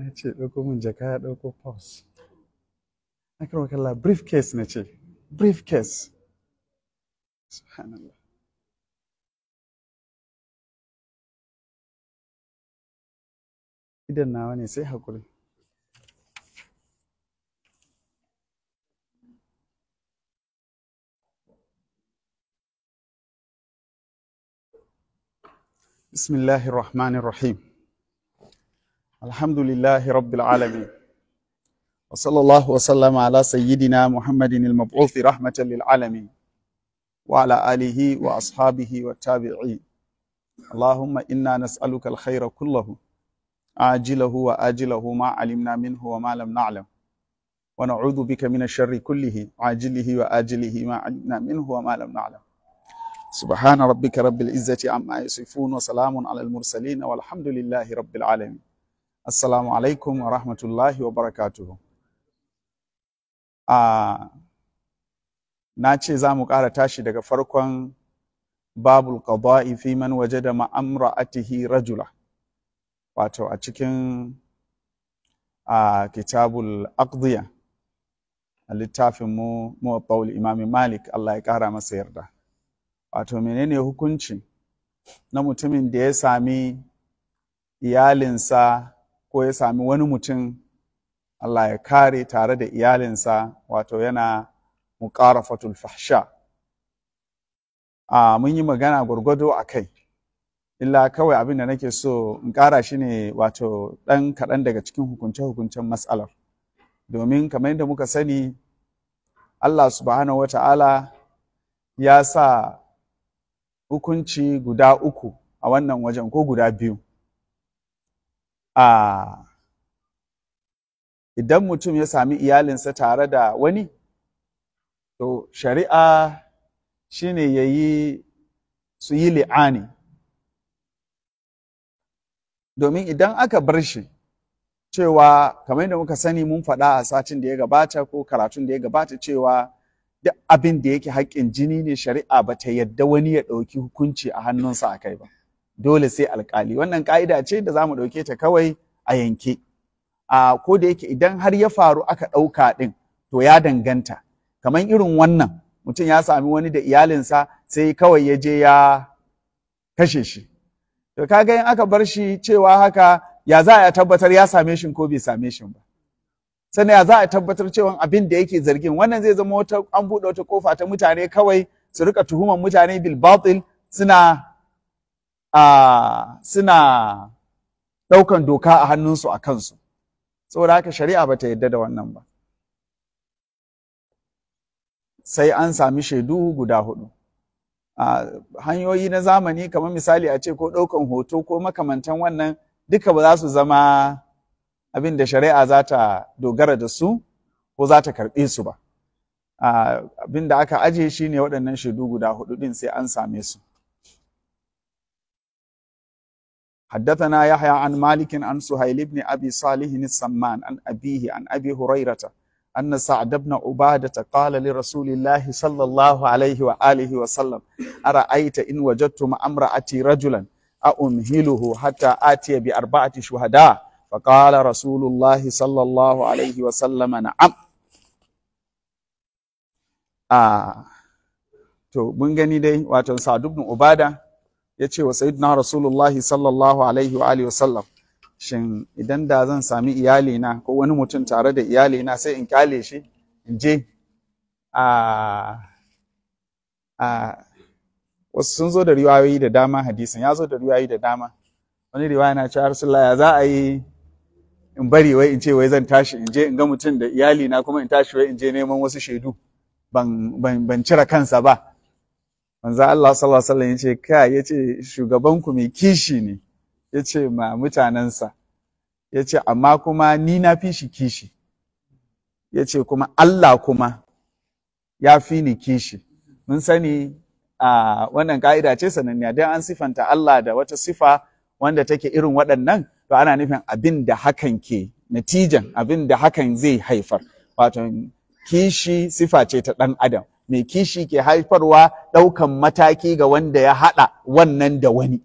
Ace ɗauko mun jaka ɗauko pause. أكرمك الله بريف كيس نتي بريف كيس سبحان الله idan nawa ne sai بسم الله الرحمن الرحيم الحمد لله رب العالمين وصلى الله وسلم على سيدنا محمد المبعوث رحمة للعالمين وعلى آله وأصحابه والتابعين اللهم إنا نسألك الخير كله عاجله وآجله ما علمنا منه وما لم نعلم ونعوذ بك من الشر كله عاجله وآجله ما علمنا منه وما لم نعلم سبحان ربك رب العزة عما يصفون وسلام على المرسلين والحمد لله رب العالمين السلام عليكم ورحمة الله وبركاته a na ce za mu ƙara tashi daga farkon babul qada'i fi man wajada ma'amra'atihi rajula wato a cikin a kitabul aqdiya a littafin mu muwaffa'ul imam malik Allah ya ƙara masa yarda wato menene hukunci na mutumin da ya sami iyalinsa ko ya sami wani mutum Allah ya kare tare da iyalinsa wato yana muqarafatul fahsha a mun yi magana gwargwado a kai illa kawai abin da nake so in ƙara shi ne wato ɗan kaɗan daga cikin hukunce-hukuncen matsalar domin kamar yadda muka sani Allah subhanahu wa ta'ala ya sa hukunci guda uku a wannan wajen ko guda biyu uh, idan mutum ya sami iyalinsa tare da wani to shari'a shine ya yi su yi li'ani domin idan aka bar shi cewa kamar da muka sani mun faɗa a satin da ya gabata ko karatun da ya gabata cewa duk abin da yake haƙƙin jini ne shari'a ba ta yadda wani ya ɗauki hukunci a hannunsa a kai ba dole sai alƙali wannan ƙa'ida ce da za mu ɗauke ta kawai a yanke a ko da yake idan har ya faru aka ɗauka ɗin to ya danganta kamar irin wannan mutum ya sami wani da iyalinsa sai kawai ya je ya kashe shi to kaga in aka bar shi cewa haka ya za a tabbatar ya same shi ko bai same shi ba sannan ya za a tabbatar cewa abin da yake zargin wannan zai zama wata an buɗe wata kofa ta mutane kawai su rika tuhuman mutane bil batil suna a suna ɗaukan doka a hannunsu a kansu saboda haka shari'a bata yadda da wannan ba sai an sami shaidu guda hudu a hanyoyi na zamani kamar misali a ce ko ɗaukan hoto ko makamantan wannan duka ba za su zama abin da shari'a za ta dogara da su ko za ta karɓe su ba abin da aka ajiye shi ne waɗannan shaidu guda hudu ɗin sai an same su حدثنا يحيى عن مالك عن سهيل بن أبي صالح السمان عن أبيه عن أبي هريرة أن سعد بن عبادة قال لرسول الله صلى الله عليه وآله وسلم أرأيت إن وجدت مع امرأتي رجلا أأمهله حتى آتي بأربعة شهداء فقال رسول الله صلى الله عليه وسلم نعم آه. to mun gani dai wato Sa'ad ibn Ubada ya ce wa sayyidina rasulullahi sallallahu alaihi wa alihi wasallam shin idan da zan sami iyalina ko wani mutum tare da iyalina sai in kyale shi in je a wasu sun zo da riwayoyi da dama hadisin ya zo da riwayoyi da dama wani riwaya na cewa rasulullahi ya za a yi in bari wai in ce wai zan tashi in je in ga mutum da iyalina kuma in tashi wai in je neman wasu shaidu ban cire kansa ba manzo Allah sallallahu alaihi ce, yace ka yace shugaban ku mai kishi ne yace ma mutanansa yace amma kuma ni na fi shi kishi yace kuma Allah kuma ya fi ni kishi mun sani a wannan ka'ida ce sananniya dan an sifanta Allah da wata sifa wanda take irin waɗannan to ana nufin abin da hakan ke natijan abin da hakan zai haifar wato kishi sifa ce ta ɗan adam Me kishi ke haifarwa ɗaukan mataki ga wanda ya haɗa wannan da wani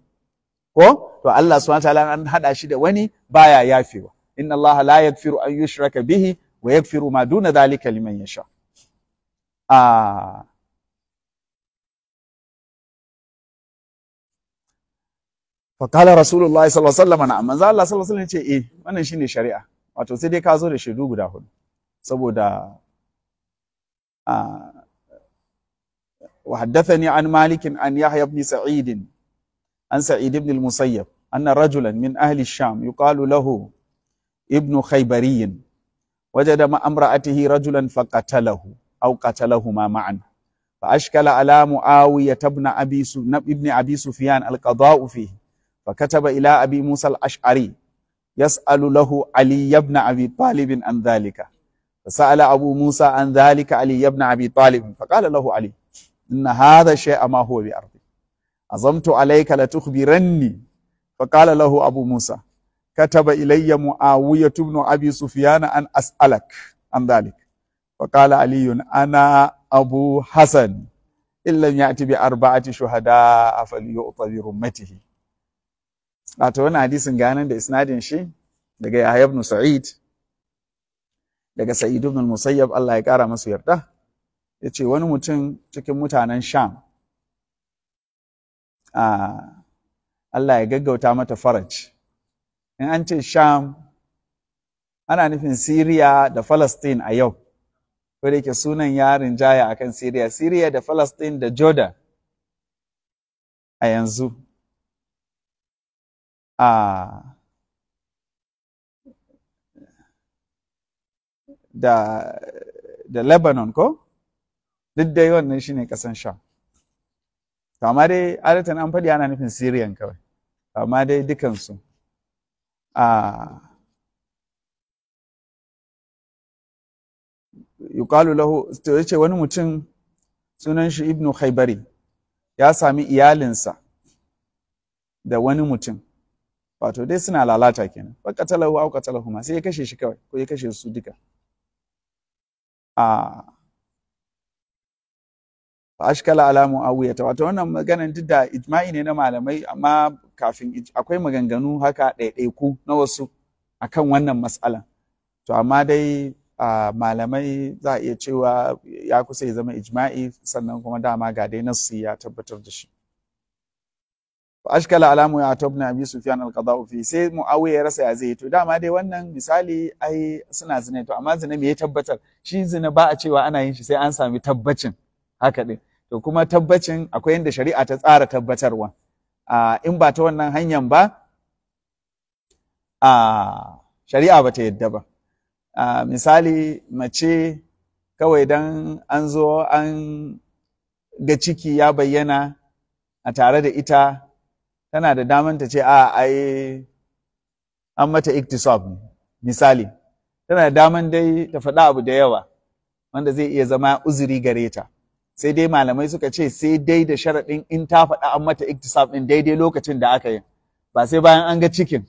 ko to Allah subhanahu wataala an haɗa shi da wani baya yafewa inna Allah la yaghfiru an yushraka bihi wa yaghfiru ma duna dhalika liman yasha ah فقال رسول الله صلى الله عليه وسلم نعم manzo Allah sallallahu alaihi wasallam ce eh wannan shine shari'a wato sai dai ka zo da shaidu guda hudu saboda a ah, وحدثني عن مالك عن يحيى بن سعيد عن سعيد بن المسيب أن رجلا من أهل الشام يقال له ابن خيبري وجد مع امرأته رجلا فقتله أو قتلهما معا فأشكل على معاوية بن أبي ابن أبي سفيان القضاء فيه فكتب إلى أبي موسى الأشعري يسأل له علي بن أبي طالب عن ذلك فسأل أبو موسى عن ذلك علي بن أبي طالب فقال له علي inna hadha shay'a ma huwa bi ardi azamtu alayka la tukhbiranni fa qala lahu abu musa kataba ilayya muawiyah ibn abi sufyan an as'alak an dhalik fa qala ana abu hasan illam ya'ti bi arba'ati shuhada falyu'ta bi rummatihi wato wannan hadisin ganan da isnadin shi daga Yahya ibn Sa'id daga Sa'id Musayyab Allah ya ƙara masu yarda ya ce wani mutum cikin mutanen sham Allah ya gaggauta mata faraj in an ce sham ana nufin siriya da falastin a yau ko da yake sunan yarin jaya akan siriya siriya da falastin da jordan a yanzu da da lebanon ko duk dai wannan shine kasan sha. to amma dai adatan an faɗi ana nufin siriyan kawai amma dai dukansu a yuqalu lahu to yace wani mutum sunan shi ibnu khaybari ya sami iyalinsa da wani mutum wato dai suna lalata kenan fa qatalahu aw qatalahuma sai ya kashe shi kawai ko ya kashe su duka fa ashkala ala muawiyata wato wannan maganan duk da ijma'i ne na malamai amma kafin akwai maganganu haka ɗaiɗaiku na wasu akan wannan matsalan to amma dai malamai za a iya cewa ya kusa ya zama ijma'i sannan kuma dama ga dai nassi ya tabbatar da shi ashkala alamu ya tabna abi sufyan al-qada'u fi sai muawiya ya rasa ya zai to dama dai wannan misali ai suna zina to amma zina me ya tabbatar shi zina ba a cewa ana yin shi sai an sami tabbacin haka din to kuma tabbacin akwai yadda shari'a ta tsara tabbatarwa in ba ta wannan hanyar ba shari'a ba ta yadda ba misali mace kawai don an zo an ga ciki ya bayyana a tare da ita tana da daman ta ce a ai an mata iktisof misali tana da daman dai ta faɗa abu da yawa wanda zai iya zama uzuri gare ta sai dai malamai suka ce sai dai da sharaɗin in ta faɗa an mata iktisaf ɗin daidai lokacin da aka yi ba sai bayan an ga cikin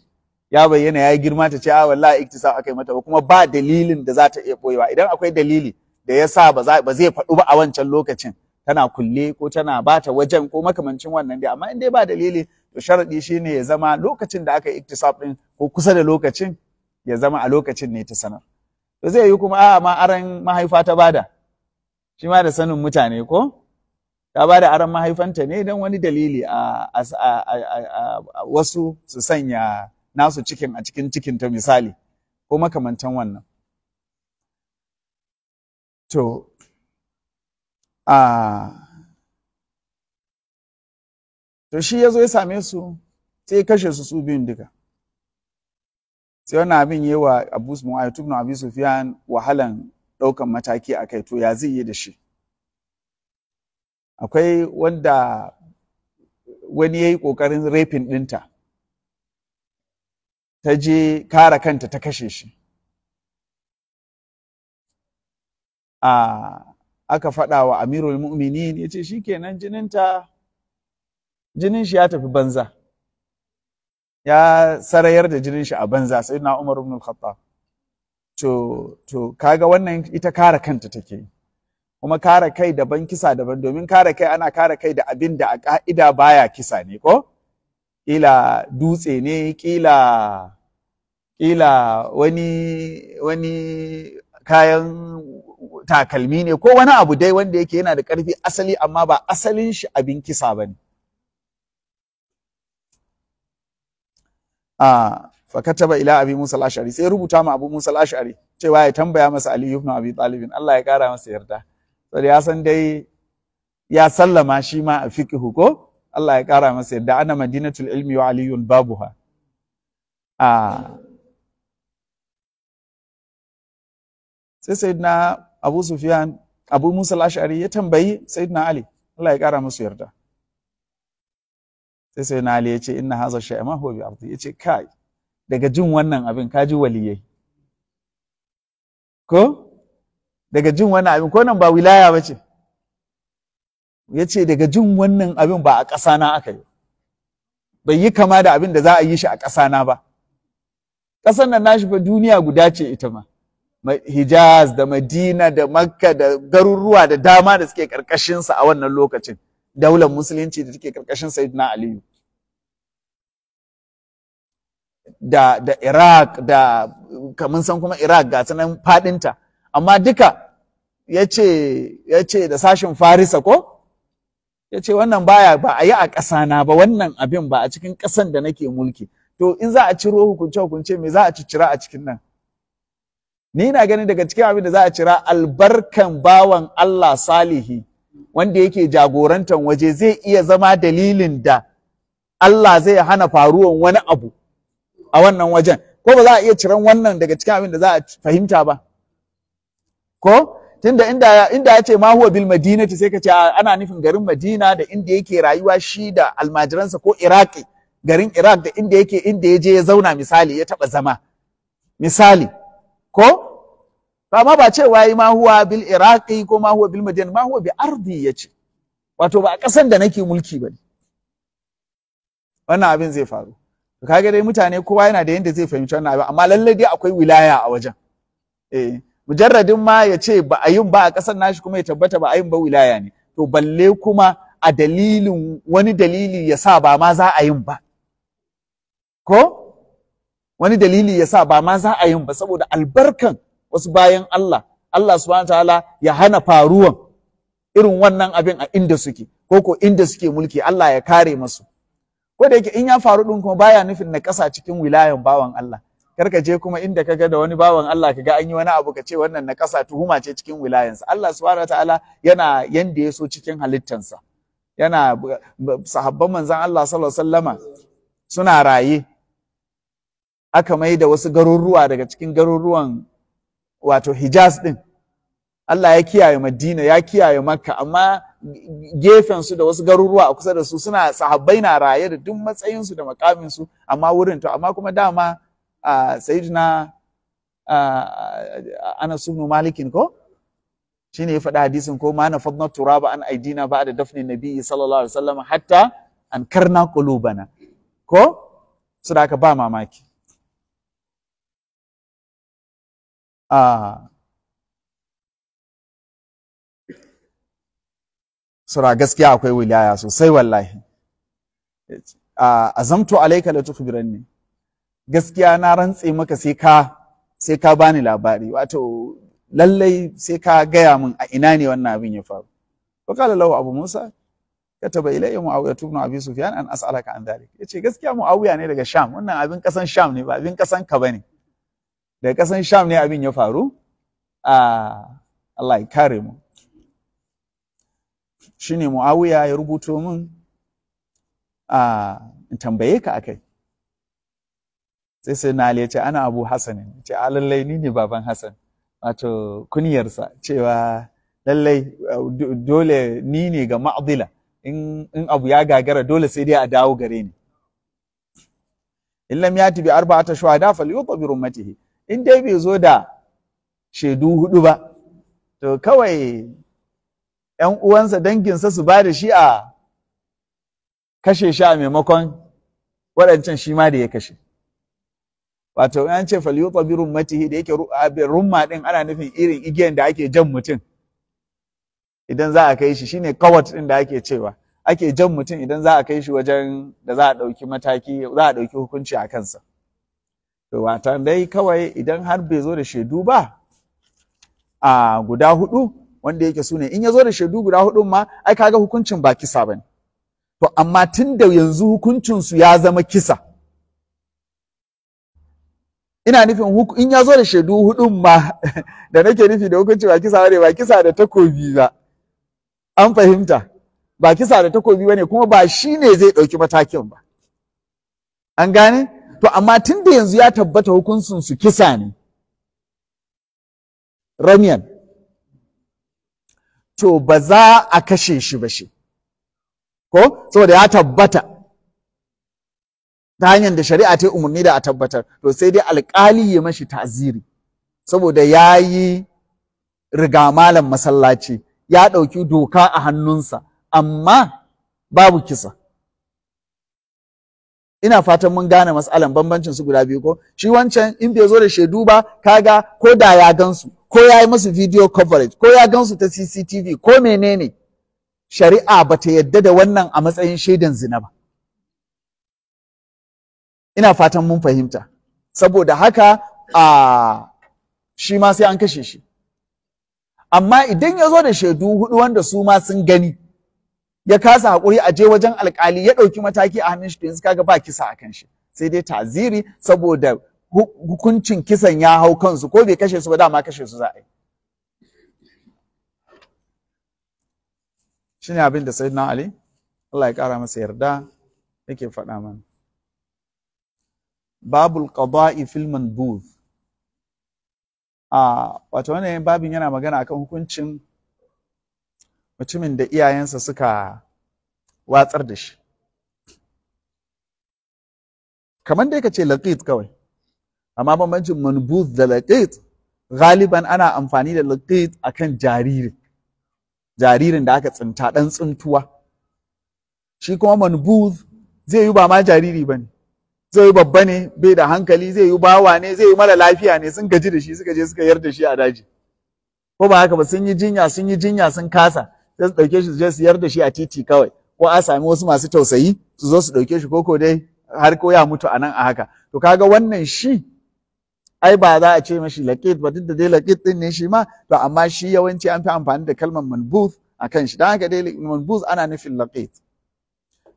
ya bayyana ya yi girma ta ce a ah, wallahi iktisaf aka yi mata ba kuma ba dalilin da za ta iya ɓoyewa idan akwai dalili da ya sa ba zai faɗu ba a wancan lokacin tana kulle ko tana bata wajen ko makamancin wannan dai amma in dai ba dalili to sharaɗi shi ne ya zama lokacin da aka yi iktisaf ɗin ko kusa da lokacin ya zama a lokacin ne ta sanar to zai yi kuma a ah, ma aran mahaifa ta bada shi ma da sanin mutane ko ta ba da aron mahaifanta ne don wani dalili a wasu su sanya nasu cikin a cikin cikin, ta misali ko makamantan wannan to to shi ya zo ya same su sai ya kashe su su biyun duka sai wani abin yi wa abu mu'ayyatub na abu sufiyan wahalan ɗaukan mataki a kai to ya zai yi da shi akwai wanda wani ya yi ƙoƙarin rafin ɗinta ta je kara kanta ta kashe shi a aka faɗa wa amirul shi ya ce shikenan jininta jinin shi ya tafi banza ya sarayar da jinin shi a banza sai na umar ibn to to kaga wannan ita kara kanta take kuma kara kai daban kisa daban domin kara kai ana kara kai da abin da a ka'ida baya kisa ne ko Ila dutse ne kila ila wani wani kayan takalmi ne ko wani abu dai wanda yake yana da ƙarfi asali amma ba asalin shi abin kisa ba ne. Ah, fa kataba ila abi musa al-ash'ari sai rubuta ma abu musa al-ash'ari cewa ya tambaya masa ali ibn abi talib Allah ya kara masa yarda saboda ya san dai ya sallama shi ma a fiqh ko Allah ya kara masa yarda ana madinatul ilmi wa aliyun babuha a sai sayyidina abu sufyan abu musa al-ash'ari ya tambayi sayyidina ali Allah ya kara masa yarda sai sayyidina ali ya ce inna hadha shay'an ma huwa bi ardi ya ce kai daga jin wannan abin ka ji waliyai ko daga jin wannan abin ko nan ba wilaya ba ce ya ce daga jin wannan abin ba a ƙasana aka yi bai yi kama da abin da za a yi shi a ƙasana ba ƙasan nan nashi fa duniya guda ce ita ma Hijaz da Madina da Makka da garuruwa da dama da suke ƙarƙashinsa a wannan lokacin daular musulunci da take ƙarƙashin Sayyidina Aliyu da da Iraq da kamun san kuma Iraq ga sanan fadinta amma duka yace yace da sashin Farisa ko yace wannan baya ba a yi a ƙasa na ba wannan abin ba a cikin ƙasan da nake mulki to in za a ciro hukunce hukunce me za a cicira a cikin nan ni na ganin daga cikin abin da za a cira albarkan bawan Allah salihi wanda yake jagorantar waje zai iya zama dalilin da Allah zai hana faruwan wani abu a wannan wajen ko ba za a iya ciran wannan daga cikin abin da za a fahimta ba ko tunda inda inda ya ce ma huwa bil madinati sai ka ce ana nufin garin Madina da inda yake rayuwa shi da almajiransa ko Iraki garin Iraq da inda yake inda ya je ya zauna misali ya taba zama misali ko amma ba ce wayi ma huwa bil iraqi ko ma huwa bil madina ma huwa bi ardi yace wato ba a kasan da nake mulki bane wannan abin zai faru Ka ga dai mutane kowa yana da yadda zai fahimci wannan abin amma lallai dai akwai wilaya a wajen eh mujarradin ma ya ce ba a yin ba a ƙasar nashi kuma ya tabbata ba a yin ba wilaya ne to balle kuma a dalilin wani dalili ya sa ba ma za a yin ba ko wani dalili ya sa ba ma za a yin ba saboda albarkan wasu bayan Allah Allah subhanahu ta'ala ya hana faruwan irin wannan abin a inda suke ko ko inda suke mulki Allah ya kare masu ko da yake in ya faru din kuma baya nufin na kasa cikin wilayan bawan Allah Kar ka je kuma inda ka ga da wani bawan Allah ka ga, an yi wani abu ka ce wannan na kasa tuhuma ce cikin wilayansa Allah subhanahu wataala yana yanda ya so cikin halittansa yana sahabban manzon Allah sallallahu alaihi suna raye aka mai da wasu garuruwa daga cikin garuruwan wato Hijaz din Allah ya kiyaye Madina ya kiyaye Makka amma gefen su da wasu garuruwa a kusa da su suna sahabbai na raye da duk matsayinsu da makamin su amma wurin to amma kuma dama sayyidina Anas ibn Malikin ko shine ya faɗa hadisin ko ma na fadna turaba an aidina ba da dafnin nabi sallallahu alaihi wasallam hatta an karna qulubana ko su da ba mamaki ah sura gaskiya akwai wilaya sosai wallahi A azamtu alayka la tukhbiranni gaskiya na rantse maka sai ka sai ka bani labari wato lallai sai ka gaya min a ina ne wannan abin ya faru wa qala lahu abu musa kataba ilayya muawiya ibn abi sufyan an as'alaka an dhalik yace gaskiya muawiya ne daga sham wannan abin kasan sham ne ba abin kasan ka bane daga kasan sham ne abin ya faru a Allah ya kare mu shine muawiya ya rubuto min a tambaye ka akai sai sai na ya ce ana abu Hassan ce a lallai ni ne baban Hassan. wato kuniyarsa cewa lallai dole ni ne ga ma'adila in abu ya gagara dole sai dai a dawo gare ni in lam ta bi arba'ata shuhada falyuta bi rummatihi in dai bai zo da shaidu hudu ba to kawai 'yan uwansa danginsa su ba da shi a kashe shi a maimakon waɗancan shi ma da ya kashe wato ‘yan an ce falyuta bi matihi da yake rumma ɗin ana nufin irin igiyan da ake jan mutum idan za a kai shi Shi ne kawat ɗin da ake cewa ake jan mutum idan za a kai shi wajen da za a ɗauki mataki za a ɗauki hukunci a kansa to wata dai kawai idan har bai zo da shaidu ba a guda huɗu. wanda yake su ne in ya zo da shaidu guda hudun ma ai kaga hukuncin ba kisa bane to amma tun da yanzu hukuncin su ya zama kisa ina nufin in ya zo da shaidu hudun ma da nake nufi da hukunci ba kisa bane ba kisa da takobi ba an fahimta ba kisa da takobi bane kuma ba shi ne zai ɗauki matakin ba an gane to amma tun da yanzu ya tabbata hukuncin su kisa ne ramiyan to ba za a kashe shi ba shi ko saboda ya tabbata ta hanyar da shari'a ta yi umarni da a tabbatar to sai dai alƙali ya mashi ta'ziri saboda ya yi riga masallaci ya ɗauki doka a hannunsa amma babu kisa ina fatan mun gane matsalan bambancin su guda biyu ko shi wancan in bai zo da shaidu ba kaga ko da ya gansu ko ya yi musu video coverage ko ya gansu ta CCTV ko menene shari'a ba ta yadda da wannan a matsayin shaidan zina ba ina fatan mun fahimta saboda haka a shi ma sai an kashe shi amma idan ya zo da shaidu hudu wanda su ma sun gani ya kasa hakuri a je wajen alkali ya ɗauki mataki a hannun shi to yanzu kaga ba kisa a kan shi sai dai ta'ziri saboda hukuncin kisan ya hau kansu ko bai kashe su ba dama kashe su za a yi ne abin da na ali Allah ya kara masa yarda yake faɗa mana babul qada'i fil manbuz Ah, wato wannan babin yana magana akan hukuncin mutumin da iyayensa suka watsar da shi kamar dai ka ce laqit kawai amma bambancin manbuz da laqit galiban ana amfani da laqit akan jariri jaririn da aka tsinta ɗan tsintuwa shi kuma manbuz zai yi ba ma jariri ba ne. zai yi babba ne bai da hankali zai yi bawa ne zai yi mara lafiya ne sun gaji da shi suka je suka yar da shi a daji ko ba haka ba sun yi jinya sun yi jinya sun kasa sai su ɗauke shi su je siyar da shi a titi kawai ko a sami wasu masu tausayi su zo su ɗauke shi ko dai har ko ya mutu a nan a haka to kaga wannan shi ai ba za a ce mashi laqit ba duk da dai laqit ɗin ne shi ma to amma shi yawanci an fi amfani da kalmar manbuth akan shi dan haka dai manbuth ana nufin laqit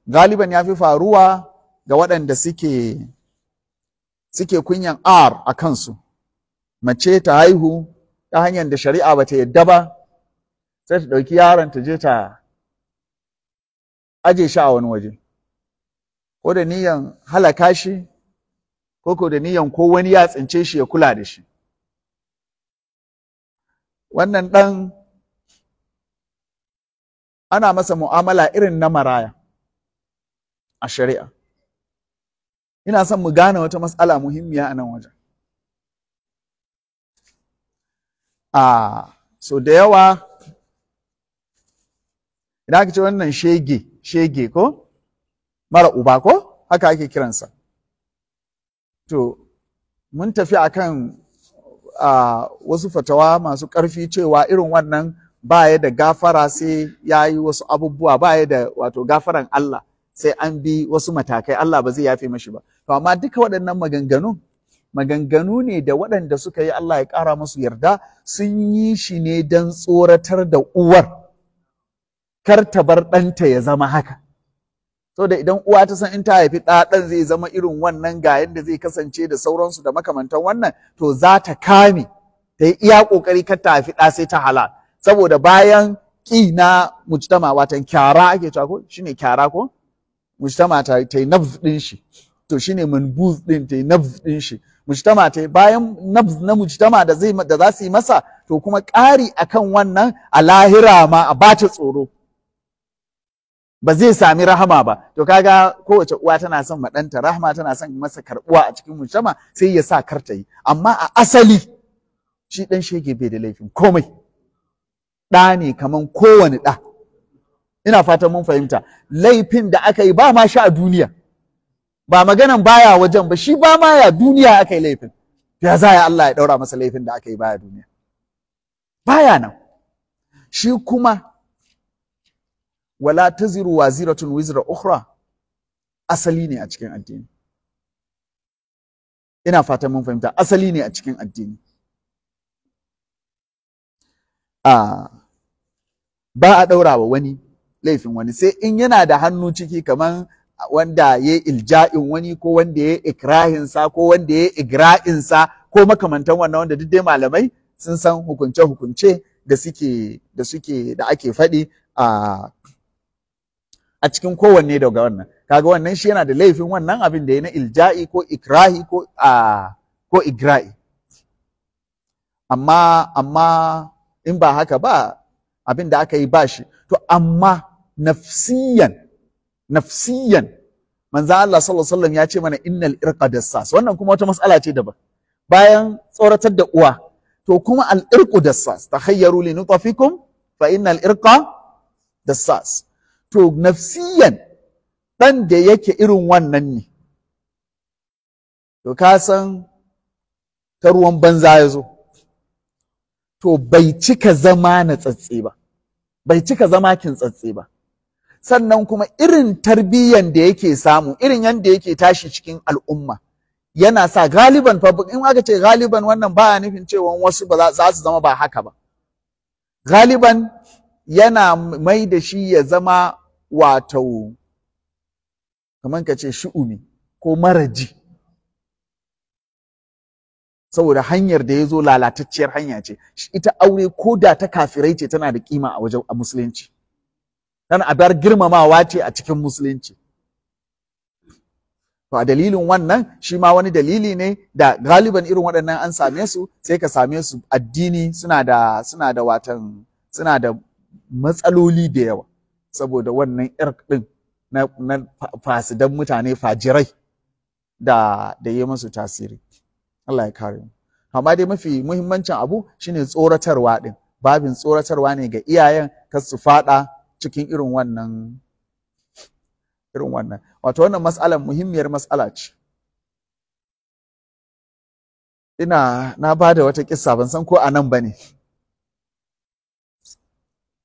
galiban ya fi faruwa ga waɗanda suke suke kunyan R a kansu mace ta haihu ta hanyar da shari'a ba ta yadda ba sai ta ɗauki yaron ta je ta aje shi a wani waje ko da niyan halaka shi ko ko da niyan ko wani ya tsince shi ya kula da shi wannan ɗan ana masa mu'amala irin na maraya a shari'a ina son mu gane wata matsala muhimmiya a nan wajen a ah, so da yawa idan aka ce wannan shege shege ko mara uba ko haka ake kiransa to mun tafi akan a wasu fatawa masu ƙarfi cewa irin wannan baya da gafara sai ya yi wasu abubuwa ya da wato gafaran Allah sai an bi wasu matakai Allah ba zai yafe mashi ba to amma duka waɗannan maganganu maganganu ne da waɗanda suka yi Allah ya ƙara musu yarda sun yi shi ne don tsoratar da uwar kar ta bar ɗanta ya zama haka so da idan uwa ta san in ta haifi ɗa ɗan zai zama irin wannan ga yadda zai kasance da sauransu da makamantan wannan to za ta kame ta yi iya ƙoƙari kar ta haifi ɗa sai ta halal saboda bayan ƙi na mujtama watan kyara ake cewa ko ne kyara ko mujtama ta ta yi nabz ɗin shi to shi ne manbuz ɗin ta yi nabz ɗin shi mujtama ta bayan nabz na mujtama da zai da za su yi masa to kuma ƙari akan wannan a lahira ma a bata tsoro ba zai sami rahama ba to kaga kowace uwa tana son ɗanta rahama tana son masa karɓuwa a cikin mujtama sai ya sa karta yi amma a asali shi dan shege bai da laifin komai ɗa ne kaman kowane da. ina fatan mun fahimta laifin da aka yi ba ma shi a duniya ba maganan baya wajen ba shi ba ma ya duniya aka yi laifin ya za ya Allah ya ɗaura masa laifin da aka yi baya duniya baya nan shi kuma wala taziru waziratun wizra ukhra asali ne a cikin addini ina fatan mun fahimta asali ne a cikin addini a ba a ɗaura wa wani laifin wani sai in yana da hannu ciki kamar wanda ya ilja'in wani ko wanda ya ikrahinsa ko wanda ya igra'insa ko makamantan wannan wanda duk dai malamai sun san hukunce-hukunce da da suke da ake faɗi a a cikin kowanne daga wannan kaga wannan shi yana da laifin wannan abin da ya na ilja'i ko ikrahi ko a ko igra'i amma amma in ba haka ba abin da aka yi ba shi to amma nafsiyan nafsiyan manzo Allah sallallahu alaihi ya ce mana innal irqa dassas wannan kuma wata mas'ala ce daban bayan tsoratar da uwa to kuma al irqu dassas takhayyaru li nutafikum fa innal irqa dassas to nafsiyan ɗan da yake irin wannan ne to ka san ta ruwan banza ya zo to bai cika zama na tsatse ba bai cika zama kin tsatse ba sannan kuma irin tarbiyyan da yake samu irin yadda yake tashi cikin al'umma yana sa galiban in aka ce galiban wannan ba nufin cewa wasu ba za su zama ba haka ba galiban yana mai da shi ya zama wato kamar ka ce shi'umi ko maraji saboda hanyar da ya zo lalatacciyar hanya ce ita aure ko da ta kafirai ce tana da kima a wajen a musulunci tana a bar girmamawa ce a cikin musulunci to a dalilin wannan shi ma wani dalili ne da galiban irin waɗannan an same su sai ka same su addini suna da watan suna da matsaloli da yawa saboda wannan irk ɗin na, fasidan mutane fajirai da da yi musu tasiri Allah ya kare mu amma dai mafi muhimmancin abu shine tsoratarwa ɗin. babin tsoratarwa ne ga iyayen kar su fada cikin irin wannan irin wannan wato wannan mas'ala muhimmiyar mas'ala ce ina na bada wata kissa ban san ko a nan ba ne.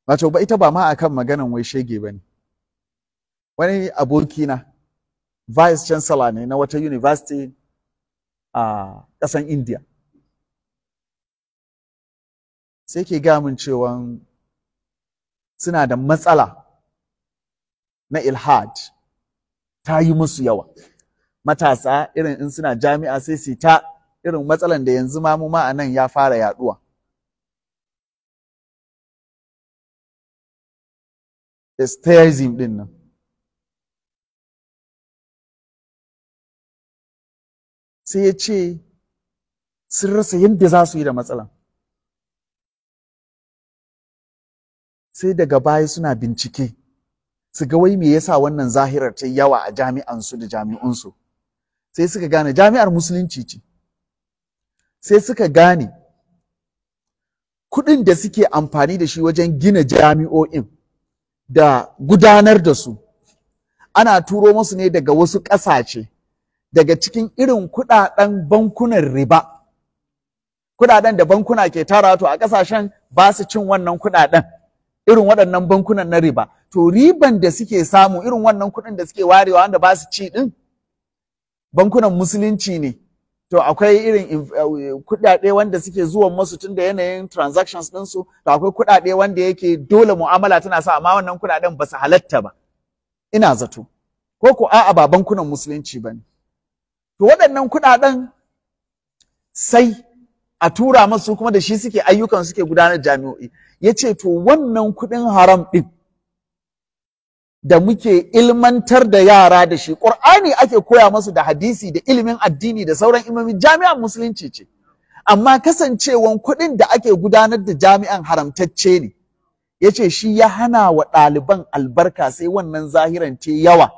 wato ba ita ba ma akan maganan wai shege ba ne wani aboki na vice chancellor ne na wata university a ƙasan india sai ke gamin cewa suna da matsala na ilhad ta yi musu yawa matasa irin in suna jami'a sai su ta irin matsalan da yanzu ma mu a nan ya fara yaduwa Da din nan sai ya ce sun rasa yadda za su yi da matsala. sai daga baya suna bincike su ga wai me yasa wannan zahirar ta yawa a jami'ansu da jami'unsu sai suka gane jami'ar musulunci ce sai suka gane kuɗin da suke amfani da shi wajen gina jami'o'in da gudanar da su ana turo musu ne daga wasu ƙasashe daga cikin irin kuɗaɗen bankunan riba kuɗaɗen da bankuna ke tara to a ƙasashen ba su cin wannan kuɗaɗen irin waɗannan bankunan na riba to riban da suke samu irin wannan kuɗin da suke warewa wanda ba su ci ɗin bankunan musulunci ne to akwai irin eh, kuɗaɗe wanda suke zuwan masu tun da yanayin transactions ɗinsu to akwai kuɗaɗe wanda yake dole mu'amala tana sa amma wannan kuɗaɗen ba su halatta ba ina zato ko ko a'a ba bankunan musulunci ba ne to waɗannan kuɗaɗen sai a tura masu kuma da shi suke ayyukan suke gudanar jami'o'i ya ce to wannan kuɗin haram ɗin da muke ilmantar da yara da shi ƙur'ani ake koya masu da hadisi da ilimin addini da sauran imamin jami'an musulunci ce amma kasancewan kuɗin da ake gudanar da jami'an haramtacce ne ya ce shi ya hana wa ɗaliban albarka sai wannan zahiran ce yawa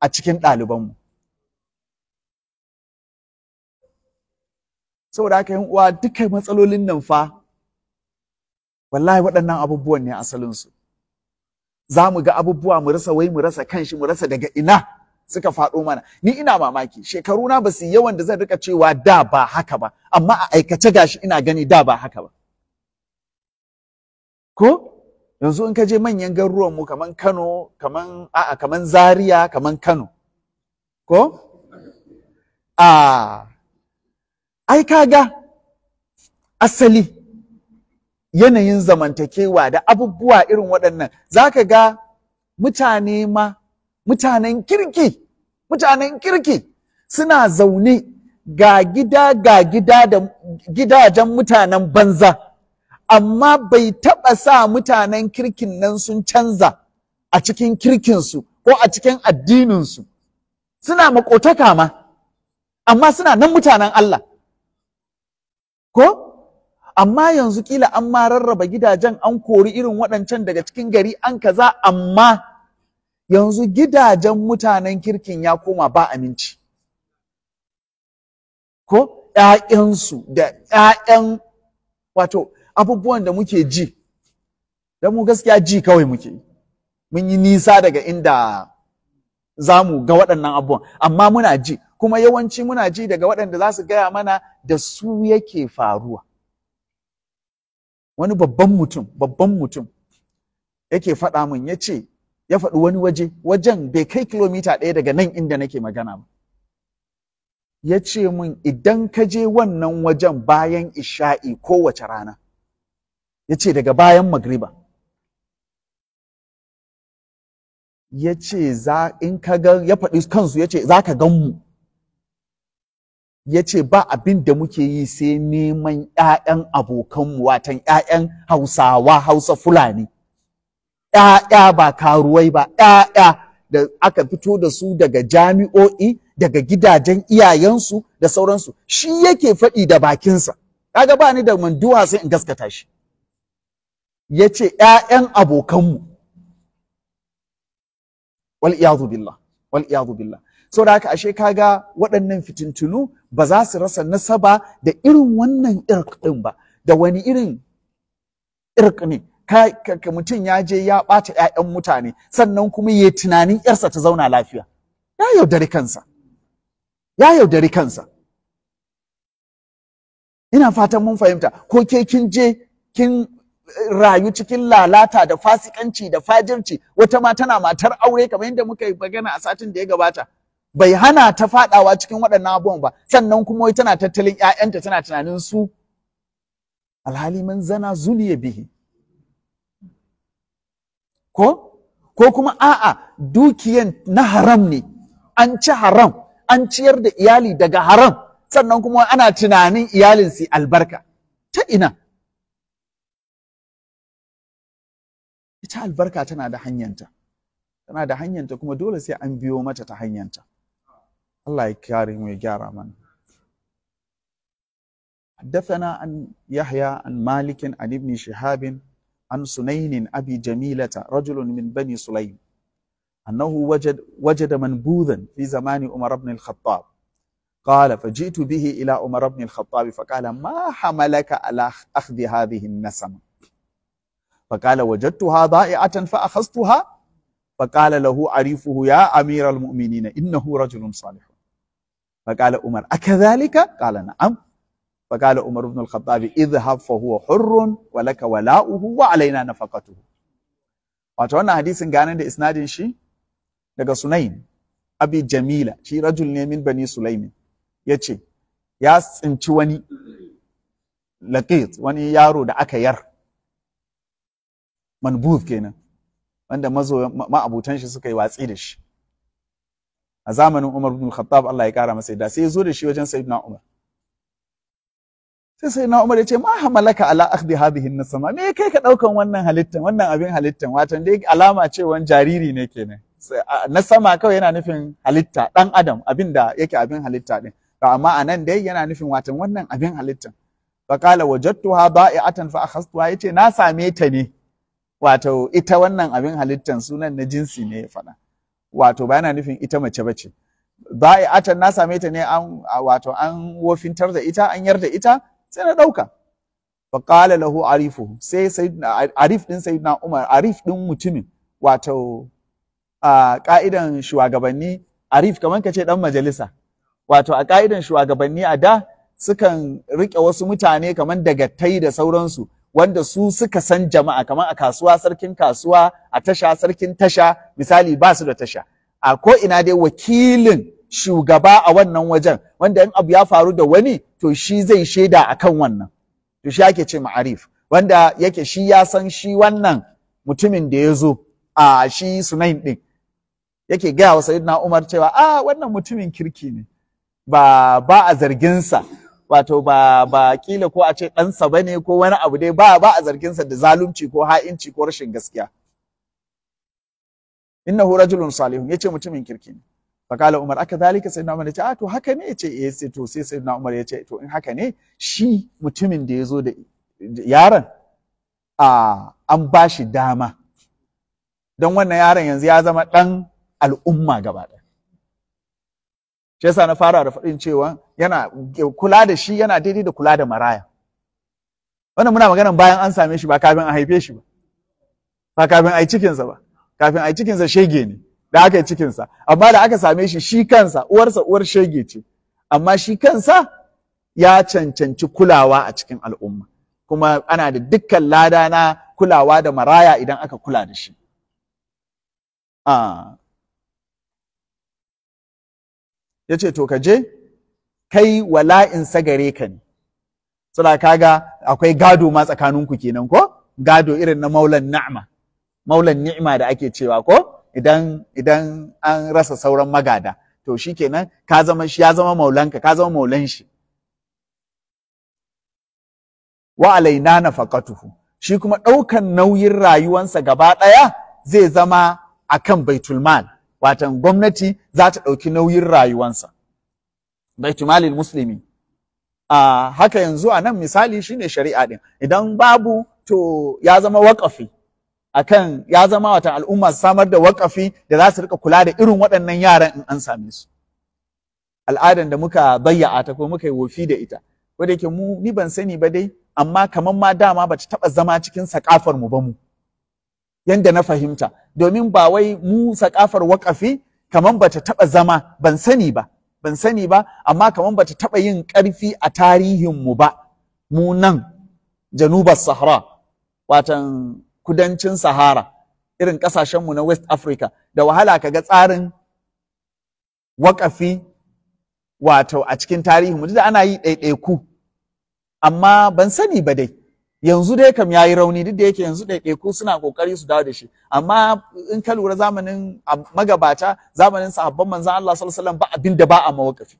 a cikin ɗalibanmu saboda haka yan uwa duka matsalolin nan fa wallahi waɗannan abubuwan ne asalinsu za mu ga abubuwa mu rasa wai mu rasa kanshi mu rasa daga ina suka faɗo mana ni ina mamaki shekaru na basu yawan da zan rika cewa da ba haka ba amma a aikace gashi ina gani da ba haka ba ko yanzu in ka je manyan garuruwan mu kaman Kano kaman a'a kaman Zaria kaman Kano ko a ah, ai kaga asali yanayin zamantakewa da abubuwa irin waɗannan za ka ga mutane ma mutanen kirki mutanen kirki suna zaune ga gida ga gida da gidajen mutanen banza amma bai taɓa sa mutanen kirkin nan sun canza a cikin kirkinsu ko a cikin addininsu suna makotaka ma amma suna nan mutanen Allah ko amma yanzu kila an ma rarraba gidajen an kori irin waɗancan daga cikin gari an kaza amma yanzu gidajen mutanen kirkin ya koma ba aminci ko ƴaƴansu da ƴaƴan wato abubuwan da muke ji don mu gaskiya ji kawai muke mun yi nisa daga inda za mu ga waɗannan abubuwan amma muna ji kuma yawanci muna ji daga waɗanda za su gaya mana da su yake faruwa. wani babban mutum babban mutum yake faɗa min ya ce ya faɗi wani waje wajen bai kai kilomita ɗaya daga nan inda nake magana ba ya ce min idan ka je wannan wajen bayan isha'i kowace rana ya ce daga bayan magriba ya ce za in ka ga ya faɗi kansu ya ce za ka gan mu ya ce ba abin da muke yi sai neman 'ya'yan abokanmu watan 'ya'yan hausawa hausa fulani 'ya'ya ba karuwai ba 'ya'ya da aka fito da su daga jami'o'i daga gidajen iyayensu da sauransu shi yake faɗi da bakinsa kaga ba ni da manduwa sai in gaskata shi ya ce 'ya'yan abokanmu wal billah wal billah da haka ashe kaga waɗannan fitintunu ba za su rasa nasaba da irin wannan irk ɗin ba da wani irin irk ne mutum ya je ya ɓata 'ya'yan mutane sannan kuma ya tunanin 'yarsa ta zauna lafiya ya yaudari kansa ya yaudari kansa ina fatan mun fahimta ko ke kin je kin rayu cikin lalata da fasikanci da fajirci wata ma tana matar aure kamar yadda muka yi magana a satin da ya gabata bai hana ta fadawa cikin waɗannan abubuwan ba sannan kuma tana tattalin ƴaƴanta tana tunanin su alhali man zana zuliya bihi ko ko kuma a'a dukiyan na haram ne an ci haram an ciyar da iyali daga haram sannan kuma ana tunanin iyalin su albarka ta ina ita albarka tana da hanyanta tana da hanyanta kuma dole sai an biyo mata ta hanyanta الله يكرم ويجار حدثنا عن يحيى عن مالك عن ابن شهاب عن سنين أبي جميلة رجل من بني سليم أنه وجد, وجد منبوذا في زمان عمر بن الخطاب قال فجئت به إلى عمر بن الخطاب فقال ما حملك على أخذ هذه النسمة فقال وجدتها ضائعة فأخذتها فقال له عريفه يا أمير المؤمنين إنه رجل صالح فقال عمر أكذلك قال نعم فقال عمر بن الخطاب اذهب فهو حر ولك ولاؤه وعلينا نفقته wato wannan hadisin gane da isnadin shi daga sunayin Abi Jamila shi rajul ne min Bani Sulaimin yace ya tsinci wani laqit wani yaro da aka yar manbuz kenan wanda mazo ma'abutan shi suka yi watsi da shi a zamanin Umar ibn Khattab Allah ya kara masa yadda sai ya zo da shi wajen Sayyidina Umar sai Sayyidina Umar ya ce ma hamalaka ala akhdi hadhihi nasama me kai ka daukan wannan halittan wannan abin halittan watan dai alama ce wan jariri ne kenan na sama kawai yana nufin halitta dan adam abin da yake abin halitta din amma anan dai yana nufin watan wannan abin halittan faqala wajadtuha ba'i'atan fa akhadtuha yace na same ta ne wato ita wannan abin halittan sunan na jinsi ne ya faɗa wato ba yana nufin ita mace bace Ba atan na same ta ne an wato an wofintar da ita an yarda ita sai na dauka fa qala lahu arifu sai sayyidina arif din sayyidina umar arif din mutumin wato a ka'idan shugabanni arif kamar kace ce dan majalisa wato a ka'idan shugabanni a da sukan rike wasu mutane kamar dagatai da sauransu wanda su suka san jama'a kamar a kasuwa sarkin kasuwa a tasha sarkin tasha misali ba su da tasha a ko ina dai wakilin shugaba a wannan wajen wanda in abu ya faru da wani to shi zai shaida kan wannan to shi yake ce ma'arif wanda yake shi ya san shi wannan mutumin da ya zo a shi sunayin din yake gaya wa sayyidina Umar cewa a ah, wannan mutumin kirki ne ba ba a zarginsa wato ba ba kila ko a ce ɗansa ba ne ko wani abu dai ba ba a zarginsa da zalunci ko ha'inci ko rashin gaskiya innahu rajulun salihun yace mutumin kirki ne fakala umar aka zalika sai umar yace a to haka ne yace eh sai to sai sai umar yace to in haka ne shi mutumin da yazo da yaron a an bashi dama dan wannan yaron yanzu ya zama ɗan al'umma gaba shi yasa na fara da faɗin cewa yana kula da shi yana daidai da kula da maraya wannan muna magana bayan an same shi ba kafin a haife shi ba ba kafin a yi cikinsa ba kafin a yi cikinsa shege ne da aka yi cikinsa amma da aka same shi shi kansa uwarsa uwar shege ce amma shi kansa ya cancanci kulawa a cikin al'umma kuma ana da dukkan lada na kulawa da maraya idan aka kula da shi ah, ya ce to ka je kai wala'in sagare ka ne suna kaga akwai gado ma tsakaninku kenan ko gado irin na maulan na'ama, maulan ni'ima da ake cewa ko idan an rasa sauran magada to shikenan ka zama shi ya zama maulanka ka zama maulan shi wa alaina nafaqatuhu shi kuma ɗaukan nauyin rayuwansa gaba ɗaya zai zama akan baitulmal watan gwamnati za ta ɗauki nauyin rayuwansa baitumalil musulmi a haka yanzu a nan misali shine shari'a ɗin. idan babu to ya zama waƙafi akan ya zama watan al'umma samar da waƙafi da za su rika kula da irin waɗannan yaran in an same su al'adan da muka bayya'a ta ko muka yi wofi da ita ko mu ni ban sani ba dai amma kamar ma dama bata taɓa zama cikin sakafar mu ba mu yanda na fahimta domin ba wai mu sakafar wakafi kaman bata taba zama ban sani ba ban sani ba amma kaman bata taba yin karfi a tarihin mu ba mu nan janubar sahara watan kudancin sahara irin kasashen mu na west africa da wahala kaga tsarin wakafi wato a cikin tarihin mu da ana yi ɗaiɗaiku amma ban sani ba dai yanzu dai kam yayi rauni duk da yake yanzu ku suna kokari su dawo da shi amma in ka lura zamanin magabata zamanin sahabban manzon Allah sallallahu alaihi wasallam ba abin da ba a mawakafi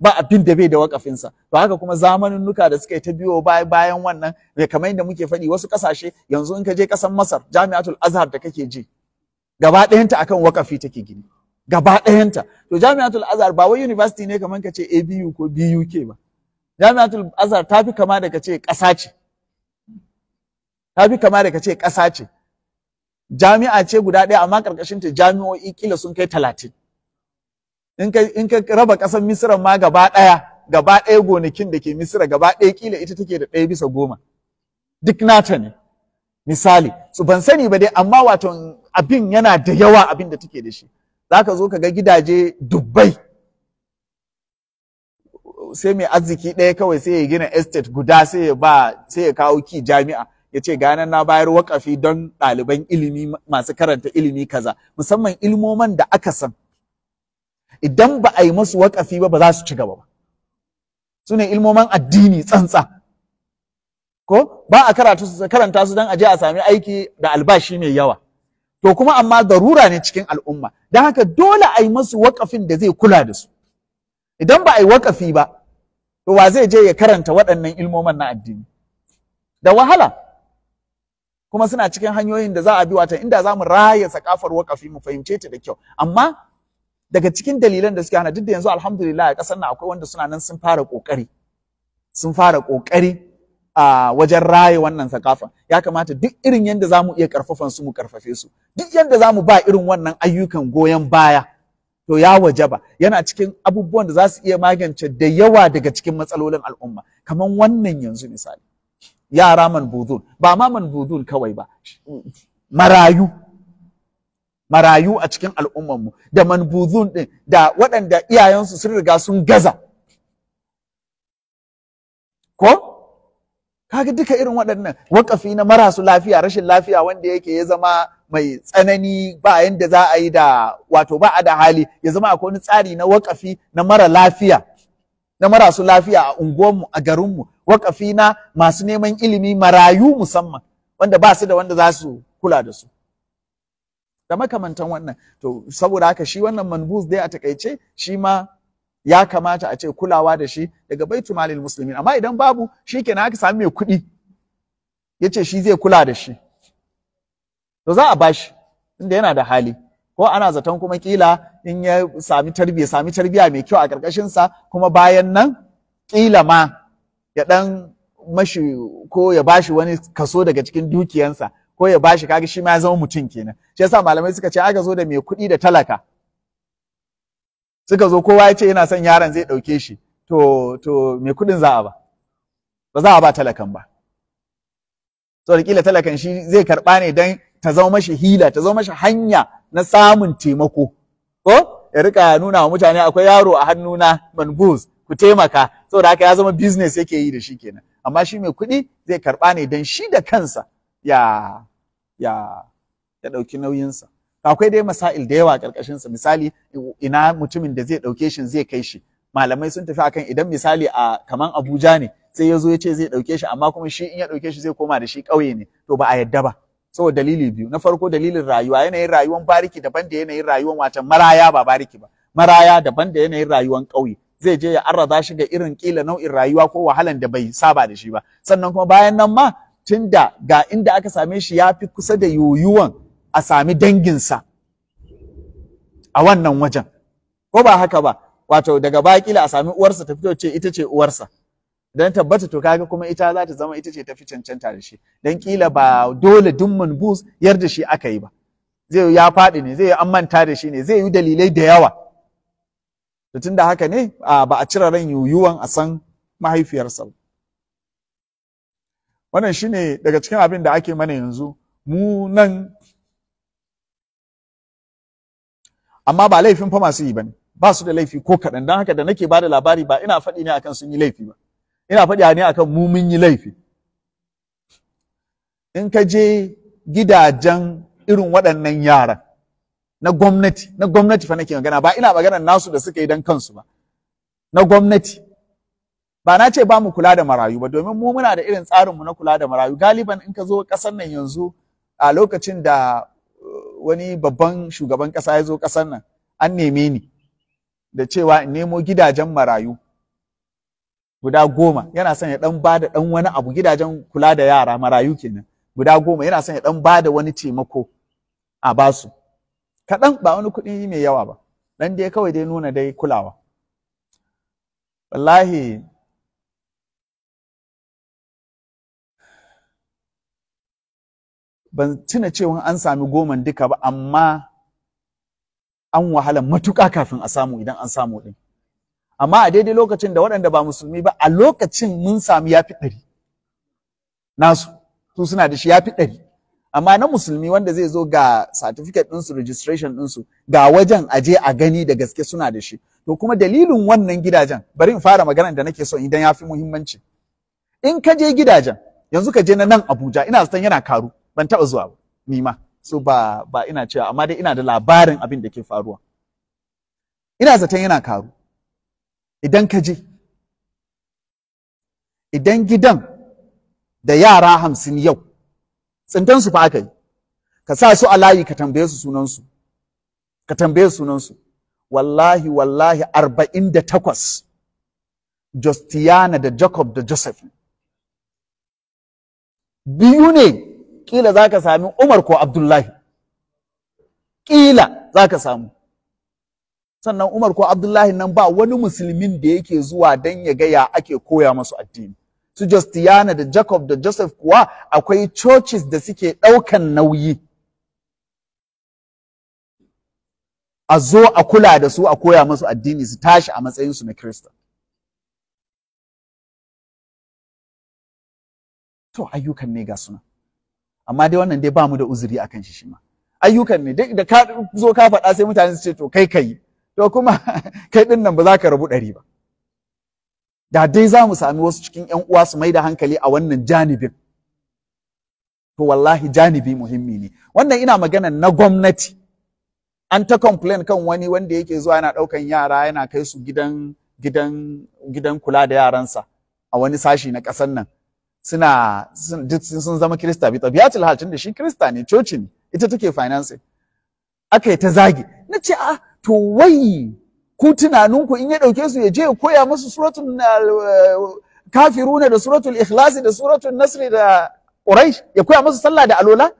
ba abin da bai da wakafinsa to haka kuma zamanin nuka da suka yi ta biyo bayan wannan bai kamar yadda muke faɗi wasu kasashe yanzu in ka je kasar Masar Jami'atul Azhar da kake ji gaba ɗayanta akan wakafi take gini gaba ɗayanta to Jami'atul Azhar ba wai university ne kamar ka ce ABU ko BUK ba Jami'atul Azhar ta fi kama da ka ce ƙasa ce ta fi kama da ka ce ƙasa ce jami'a ce guda ɗaya amma ƙarƙashin ta jami'o'i kila sun kai talatin in ka raba ƙasar misira ma gaba ɗaya gaba ɗaya gonakin da ke misira gaba ɗaya kila ita take da ɗaya bisa goma duk nata ne misali su ban sani ba dai amma wato abin yana da yawa abin da take da shi Za ka zo ka ga gidaje dubbai sai mai arziki ɗaya kawai sai ya gina estate guda sai ya sai ya kawo ki jami'a ya ce ganin na bayar wakafi don ɗaliban ilimi masu karanta ilimi kaza musamman ilmoman da aka san idan ba a yi masu wakafi ba ba za su ci gaba ba su ne ilmoman addini tsantsa ko ba a karanta su don a je a sami aiki da albashi mai yawa to kuma amma darura ne cikin al'umma don haka dole a yi masu wakafin da zai kula da su idan ba a yi wakafi ba to wa zai je ya karanta waɗannan ilmoman na addini da wahala kuma suna cikin hanyoyin da za a bi wata inda za mu raya sakafar wakafi mu fahimce ta da kyau amma daga cikin dalilan da suke hana duk da yanzu alhamdulillah a ƙasar na akwai wanda suna nan sun fara ƙoƙari sun fara ƙoƙari a wajen raya wannan sakafa ya kamata duk irin yanda za mu iya karfafan su mu karfafe su duk yadda za mu ba irin wannan ayyukan goyon baya to ya wajaba yana cikin abubuwan da za su iya magance da yawa daga cikin matsalolin al'umma kamar wannan yanzu misali yara manbuzun ba ma manbuzun kawai ba marayu marayu a cikin mu da manbuzun din da waɗanda iyayensu sun riga sun gaza ko kaga duka irin waɗannan wakafi na marasu lafiya rashin lafiya wanda yake ya zama mai tsanani ba yanda za a yi da wato ba a da hali ya zama akwai wani tsari na wakafi na mara lafiya na marasu lafiya a unguwarmu a garinmu wakafi na masu neman ilimi marayu musamman wanda ba su da wanda za su kula da su da makamantan wannan to saboda haka shi wannan manbuz dai a takaice shi ma ya kamata a ce kulawa da shi daga baitu malil muslimin amma idan babu shi kenan aka sami mai kuɗi ya ce shi zai kula da shi to za a bashi inda yana da hali ko ana zaton kuma kila in ya sami tarbiyya, sami tarbiyya mai kyau a ƙarƙashinsa kuma bayan nan kila ma ya dan mashi ko ya bashi wani kaso daga cikin dukiyansa ko ya bashi kaga shi ma ya zama mutum kenan shi yasa malamai suka ce aka zo da mai kuɗi da talaka suka zo kowa ya ce yana son yaron zai ɗauke shi to to mai kuɗin za a ba ba za a ba talakan ba saboda kila talakan shi zai karɓa ne dan ta zama mashi hila ta zama mashi hanya na samun taimako ko ya rika nuna wa mutane akwai yaro a hannuna manbus ku taimaka saboda haka ya zama business yake yi da shi kenan amma shi mai kuɗi zai karɓa ne don shi da kansa ya ya ya ɗauki nauyinsa akwai dai masail da yawa karkashin sa misali ina mutumin da zai ɗauke shi zai kai shi malamai sun tafi akan idan misali a kaman Abuja ne sai ya zo ya ce zai ɗauke shi amma kuma shi in ya ɗauke shi zai koma da shi ƙauye ne to ba a yadda ba saboda dalili biyu na farko dalilin rayuwa yanayin rayuwan bariki daban da yanayin rayuwan watan maraya ba bariki ba maraya daban da yanayin rayuwan ƙauye zai je ya arraza shi ga irin kila nau'in rayuwa ko wahalan da bai saba da shi ba sannan kuma bayan nan ma tunda ga inda aka same shi ya fi kusa da yoyuwan a sami danginsa a wannan wajen ko ba haka ba wato daga baya kila a sami uwarsa ta fito ce ita ce uwarsa dan tabbata to kaga kuma ita za ta zama ita ce tafi cancanta da shi dan kila ba dole dummun bus yarda shi aka yi ba zai ya faɗi ne zai an manta da shi ne zai yi dalilai da yawa da tun da haka ne a ba a cire ran yuyuwan a san mahaifiyarsa ba. wannan shi ne daga cikin abin da ake mana yanzu mu nan amma ba laifin fa masu yi ba ne. ba su da laifi ko kaɗan don haka da nake ba da labari ba ina faɗi ne akan sun yi laifi ba ina faɗi ne akan mu mun yi laifi in ka je gidajen irin waɗannan yaran na gwamnati na gwamnati fa nake magana ba ina magana nasu da suka yi dan kansu ba na gwamnati ba na ce ba mu kula da marayu ba domin mu muna da irin tsarinmu na kula da marayu galiban in ka zo ƙasar nan yanzu a lokacin da uh, wani babban shugaban ƙasa ya zo ƙasar nan an neme ni da cewa in nemo gidajen marayu guda goma yana son ya dan bada dan wani abu gidajen kula da yara marayu kenan guda goma yana son ya dan bada wani taimako a basu kaɗan ba wani kuɗi mai yawa ba ɗan dai kawai dai nuna dai kulawa wallahi ban tuna cewa an sami goman duka ba amma an wahala matuƙa kafin a samu idan an samu ɗin amma a daidai lokacin da waɗanda ba musulmi ba a lokacin mun sami ya fi ɗari nasu su suna da shi ya fi ɗari amma na musulmi wanda zai zo ga certificate ɗinsu registration ɗinsu ga wajen aje a gani da gaske suna da shi to kuma dalilin wannan gidajen bari in fara magana da nake so idan ya fi muhimmanci in ka je gidajen yanzu ka je na nan Abuja ina san yana karu ban taɓa zuwa ba ni ma so ba ba ina cewa amma dai ina da labarin abin da ke faruwa ina zaton yana karu idan ka je idan gidan da yara hamsin yau Tsintansu su fa aka yi ka sa su a layi ka tambaye su sunan su ka tambaye su sunan su wallahi wallahi 48 Justiana da Jacob da Joseph biyu ne kila zaka sami Umar ko Abdullahi kila zaka samu sannan Umar ko Abdullahi nan ba wani musulmin da yake zuwa dan ya ga ya ake koya masu addini su Justiana da Jacob da Joseph kuwa akwai churches da suke ɗaukan nauyi a zo a kula da su a koya masu addini su tashi a matsayinsu na Kirista. To ayyukan ne ga suna. Amma dai wannan dai ba mu da uzuri akan shi shi ma. Ayyukan ne da ka zo ka faɗa sai mutane su ce to kai kai. To kuma kai ɗin nan ba za ka rabu ɗari ba. da dai za mu sami wasu cikin yan uwa su mai da hankali a wannan janibin to wallahi janibi muhimmi ne wannan ina magana na gwamnati an ta complain kan wani wanda yake zuwa yana ɗaukan yara yana kai su gidan gidan gidan kula da yaransa a wani sashi na ƙasar nan suna sun zama kirista bi tabiatul hal da shi kirista ne coci ne ita take financing aka yi ta zagi na ce a ah, to wai ku tunaninku in ya ɗauke su ya je koya musu suratul eh, kafiruna da suratul ikhlasi da suratul nasri da quraish ya koya musu sallah da alola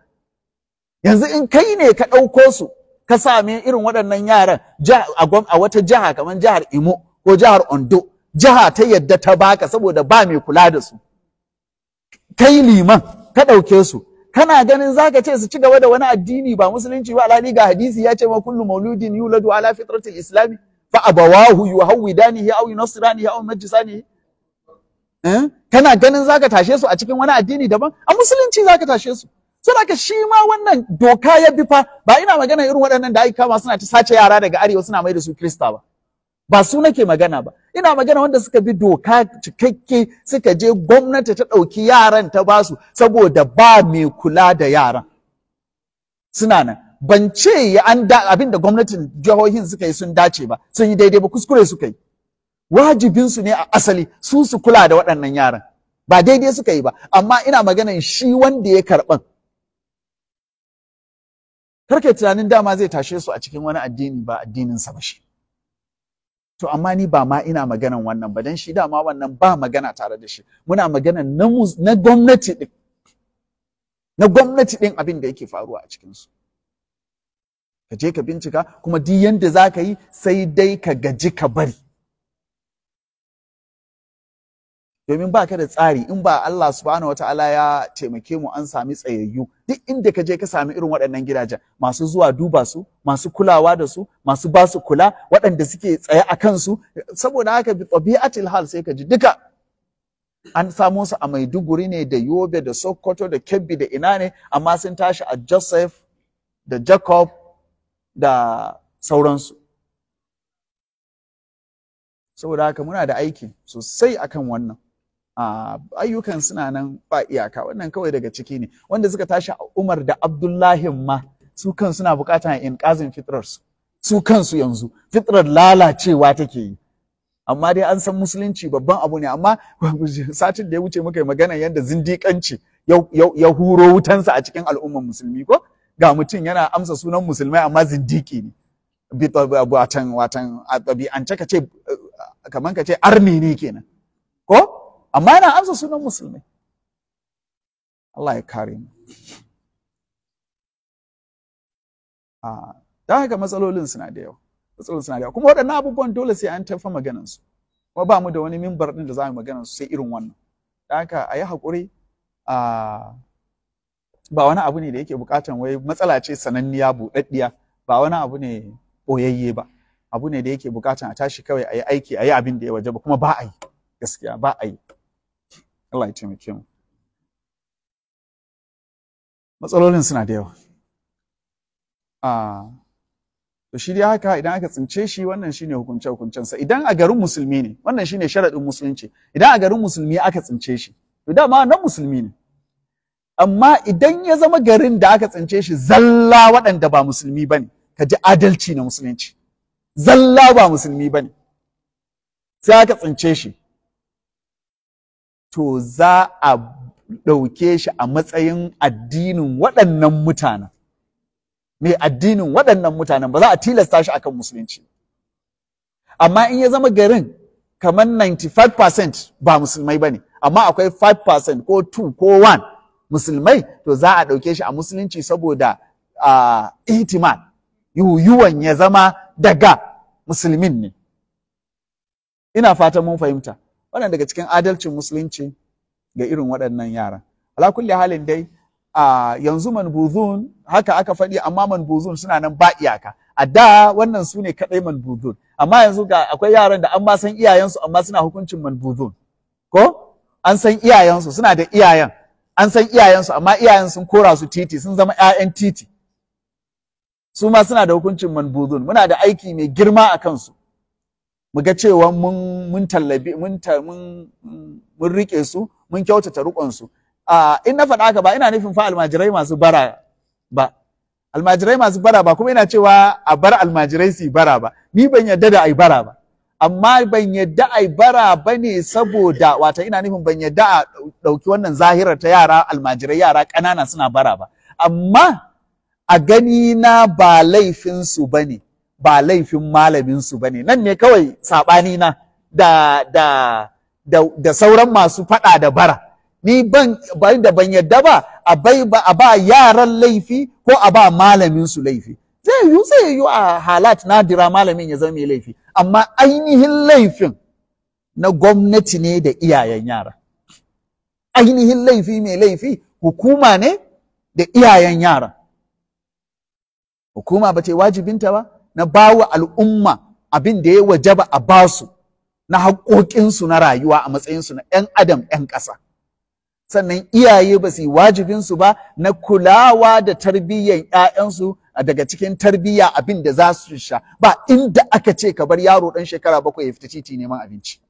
yanzu in kai ne ka ɗauko su ka same irin waɗannan yaran a wata jiha kamar jihar imo ko jihar ondo jiha ta yadda ta baka saboda ba mai kula da su kai liman ka ɗauke su kana ganin zaka ce su ci gaba da wani addini ba musulunci ba alhali ga hadisi ya ce ma kullu mauludin yuladu ala fitratil islami fa abawahu aw yunasiranihi aw nihi. Eh? kana ganin zaka tashe su a cikin wani addini daban a musulunci zaka tashe su ka shi ma wannan doka ya bi fa ba ina magana irin waɗannan da aika ma suna ta sace yara daga arewa suna mai da su krista ba ba su nake magana ba ina magana wanda suka bi doka cikakke suka je gwamnati ta ɗauki yaran ta basu saboda ba mai kula da yaran suna nan ban ce an da abin da gwamnatin jihohin suka yi sun dace ba sun yi daidai ba kuskure suka yi wajibin su ne a asali su su kula da waɗannan yaran ba daidai suka yi ba amma ina maganan shi wanda ya karɓan karke tunanin dama zai tashe su a cikin wani addini ba addinin sa ba shi to amma ni ba ma ina maganan wannan ba dan shi dama wannan ba magana tare da shi muna magana na gwamnati din na gwamnati din abin da yake faruwa a cikin su ka je ka bincika kuma duk yadda za ka yi sai dai ka gaji ka bari domin ba ka da tsari in ba Allah subhanahu wa ta'ala ya taimake mu an sami tsayayyu duk inda ka je ka sami irin waɗannan gidajen masu zuwa duba su masu kulawa da su masu ba su kula waɗanda suke tsaye a kansu saboda haka bi tabi'atil hal sai ka ji duka an samo su a Maiduguri ne da Yobe da Sokoto da Kebbi da ina ne amma sun tashi a Joseph da Jacob da sauransu saboda haka muna da aiki sosai akan wannan ayyukan suna nan ba iyaka wannan kawai daga ciki ne wanda suka tashi Umar da Abdullahi ma su kan suna bukata ƙazin fitrar su su kansu yanzu fitrar lalacewa take yi amma dai an san musulunci babban abu ne amma satin da ya wuce muka yi magana yadda zindiƙanci ya huro wutansa a cikin al'ummar musulmi ko ga mutum yana amsa sunan musulmai amma zindiki ne watan watan abi ka ce eh, kamar ka ce arni ne kenan ko amma yana amsa sunan musulmai Allah ya kare mu a ah, don haka matsalolin suna da yawa matsalolin suna da yawa kuma waɗannan abubuwan dole sai an tafa maganan su kuma ba mu da wani mimbar ɗin da za mu maganar su sai irin wannan don haka a yi haƙuri a ah, ba wani abu ne da yake bukatan wai matsala ce sananniya buɗaɗɗiya ba wani abu ne ɓoyayye ba abu ne da yake bukatan a tashi kawai a yi aiki a yi abin da ya waje ba kuma ba a yi gaskiya ba a yi Allah ya taimake mu matsalolin suna da yawa to shi dai haka idan aka tsince shi wannan shine hukunce hukuncensa idan a garin musulmi ne wannan shine sharaɗin musulunci idan a garin musulmi aka tsince shi to dama nan musulmi ne amma idan ya zama garin da aka tsince shi zalla waɗanda ba musulmi ba ne ka ji adalci na musulunci zalla ba musulmi ba ne sai aka tsince shi to za a ɗauke shi a matsayin addinin waɗannan mutanen mai addinin waɗannan mutanen ba za a tilasta shi akan musulunci amma in ya zama garin kamar 95% ba musulmai ba ne amma akwai 5% ko 2 ko 1 musulmai to za a ɗauke shi a musulunci saboda uh, ihtimal yuyuwan ya zama daga musulmin ne ina fatan mun fahimta wannan daga cikin adalcin musulunci ga irin waɗannan yaran ala kulli halin dai a yanzu manbuzun haka aka faɗi amma manbuzun suna nan ba iyaka a da wannan su ne kaɗai manbuzun amma yanzu ga akwai yaran da an ma san iyayensu amma suna hukuncin manbuzun ko an san iyayensu suna da iyayen an san iyayensu amma iyayen sun kora su titi sun zama 'ya'yan titi su ma suna da hukuncin manbuzun muna da aiki mai girma a kansu mu ga cewa mun mun tallabi mun mun rike su mun kyautata rukon su a in na faɗa haka ba ina nufin fa almajirai masu bara ba almajirai masu bara ba kuma ina cewa a bar almajirai su bara ba ni ban yarda da ai bara ba amma ban yadda ai bara bane saboda wata ina nufin ban yadda a ɗauki wannan zahirar ta yara almajirai yara ƙanana suna bara ba amma a gani na ba laifinsu ba ne ba laifin malaminsu ba ne nan ne kawai sabani na da, sauran masu faɗa da bara ni ban da ban yadda ba a bai ba a ba yaran laifi ko a ba malaminsu laifi zai yiwu zai a halat nadira malamin ya zama mai laifi amma ainihin laifin na gwamnati ne da iyayen yara ainihin laifi mai laifi hukuma ne da iyayen yara hukuma ba ce wajibinta ba na ba wa al'umma abin da ya wajaba a basu na haƙoƙinsu na rayuwa a matsayinsu na 'yan adam 'yan ƙasa sannan iyaye ba su yi wajibinsu ba na kulawa da tarbiyyar 'ya'yansu daga cikin tarbiyya abin da za su sha ba inda aka ce ka bar yaro ɗan shekara bakwai ya fita titi neman abinci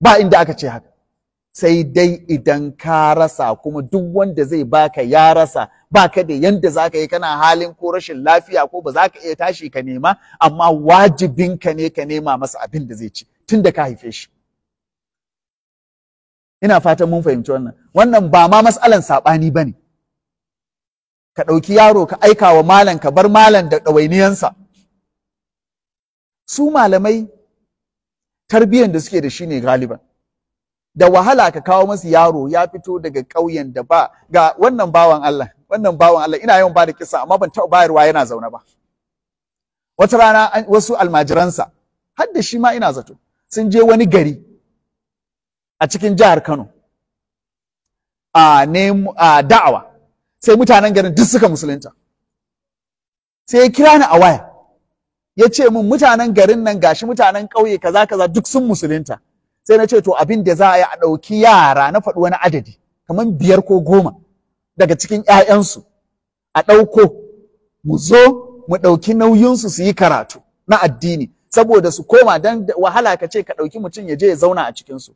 ba inda aka ce haka sai dai idan ka rasa kuma duk wanda zai baka ya rasa baka da yanda zaka yi kana halin ko rashin lafiya ko ba za ka iya tashi ka nema amma wajibinka ne ka nema masa abin da zai ci tun da ka haife shi ina fatan mun fahimci wannan wannan ba ma matsalan saɓani ba ne ka ɗauki yaro ka aika wa malam ka bar malam da ɗawainiyansa su malamai tarbiyyar da suke da shi ne galiban da wahala ka kawo masu yaro ya fito daga ƙauyen da ba ga wannan bawan Allah wannan bawan Allah ina yawan bada kisa amma ban taɓa bayarwa yana zaune ba wata rana wasu almajiransa har da shi ma ina zato sun je wani gari a cikin jihar Kano a da'awa sai mutanen garin duk suka musulunta sai ya kira ni a waya ya ce min mutanen garin nan gashi mutanen ƙauye kaza kaza duk sun musulunta sai na ce to abin da za a yi a ɗauki yara na faɗi wani adadi kamar biyar ko goma daga cikin ‘ya'yansu a ɗauko mu zo mu ɗauki nauyinsu su yi karatu na addini saboda su koma don wahala ka ce ka ɗauki mutum ya je ya zauna a cikinsu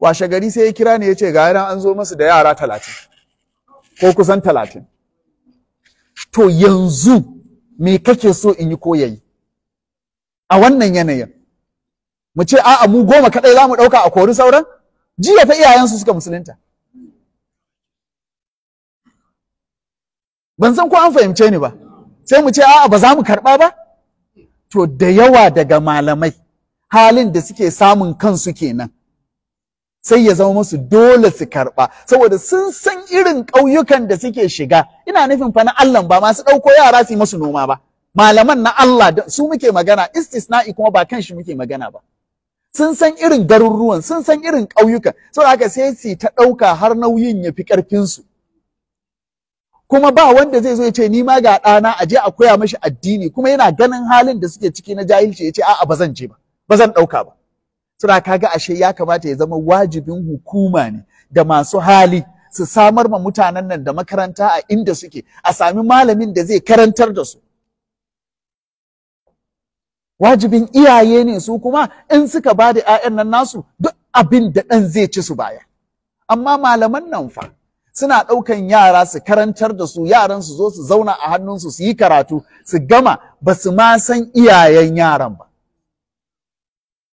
washe gari sai ya kira ni ya ce ga yana an zo masu da yara talatin ko kusan talatin to yanzu me kake so in yi ko yayi a wannan yanayin mu ce a'a mu goma kaɗai za mu ɗauka a kori sauran jiya ta iyayensu suka musulunta ban san ko an fahimce ni ba sai mu ce a'a ba za mu karɓa ba to da yawa daga malamai halin da suke samun kansu kenan sai ya zama musu dole su karba. saboda sun san irin ƙauyukan da suke shiga ina nufin fa na Allah ba masu ɗauko yara su yi musu noma ba malaman na Allah su muke magana istisna'i kuma ba kan shi muke magana ba sun san irin garuruwan sun san irin ƙauyukan saboda haka sai su ta ɗauka har nauyin ya fi su kuma ba wanda zai zo ya ce ni ma ga ɗana a je a koya mashi addini kuma yana ganin halin da suke ciki na jahilci ya ce a'a ba zan je ba ba zan ɗauka ba suna kaga ashe ya kamata ya zama wajibin hukuma ne da masu hali su samar ma mutanen nan da makaranta a inda suke a sami malamin da zai karantar da su. Wajibin iyaye ne su kuma in suka ba da 'ya'yan nan nasu duk abin da ɗan zai ci su baya. Amma malaman nan fa suna ɗaukan yara su karantar da su yaran su zo su zauna a hannunsu su yi karatu su gama ba su ma san iyayen yaran ba.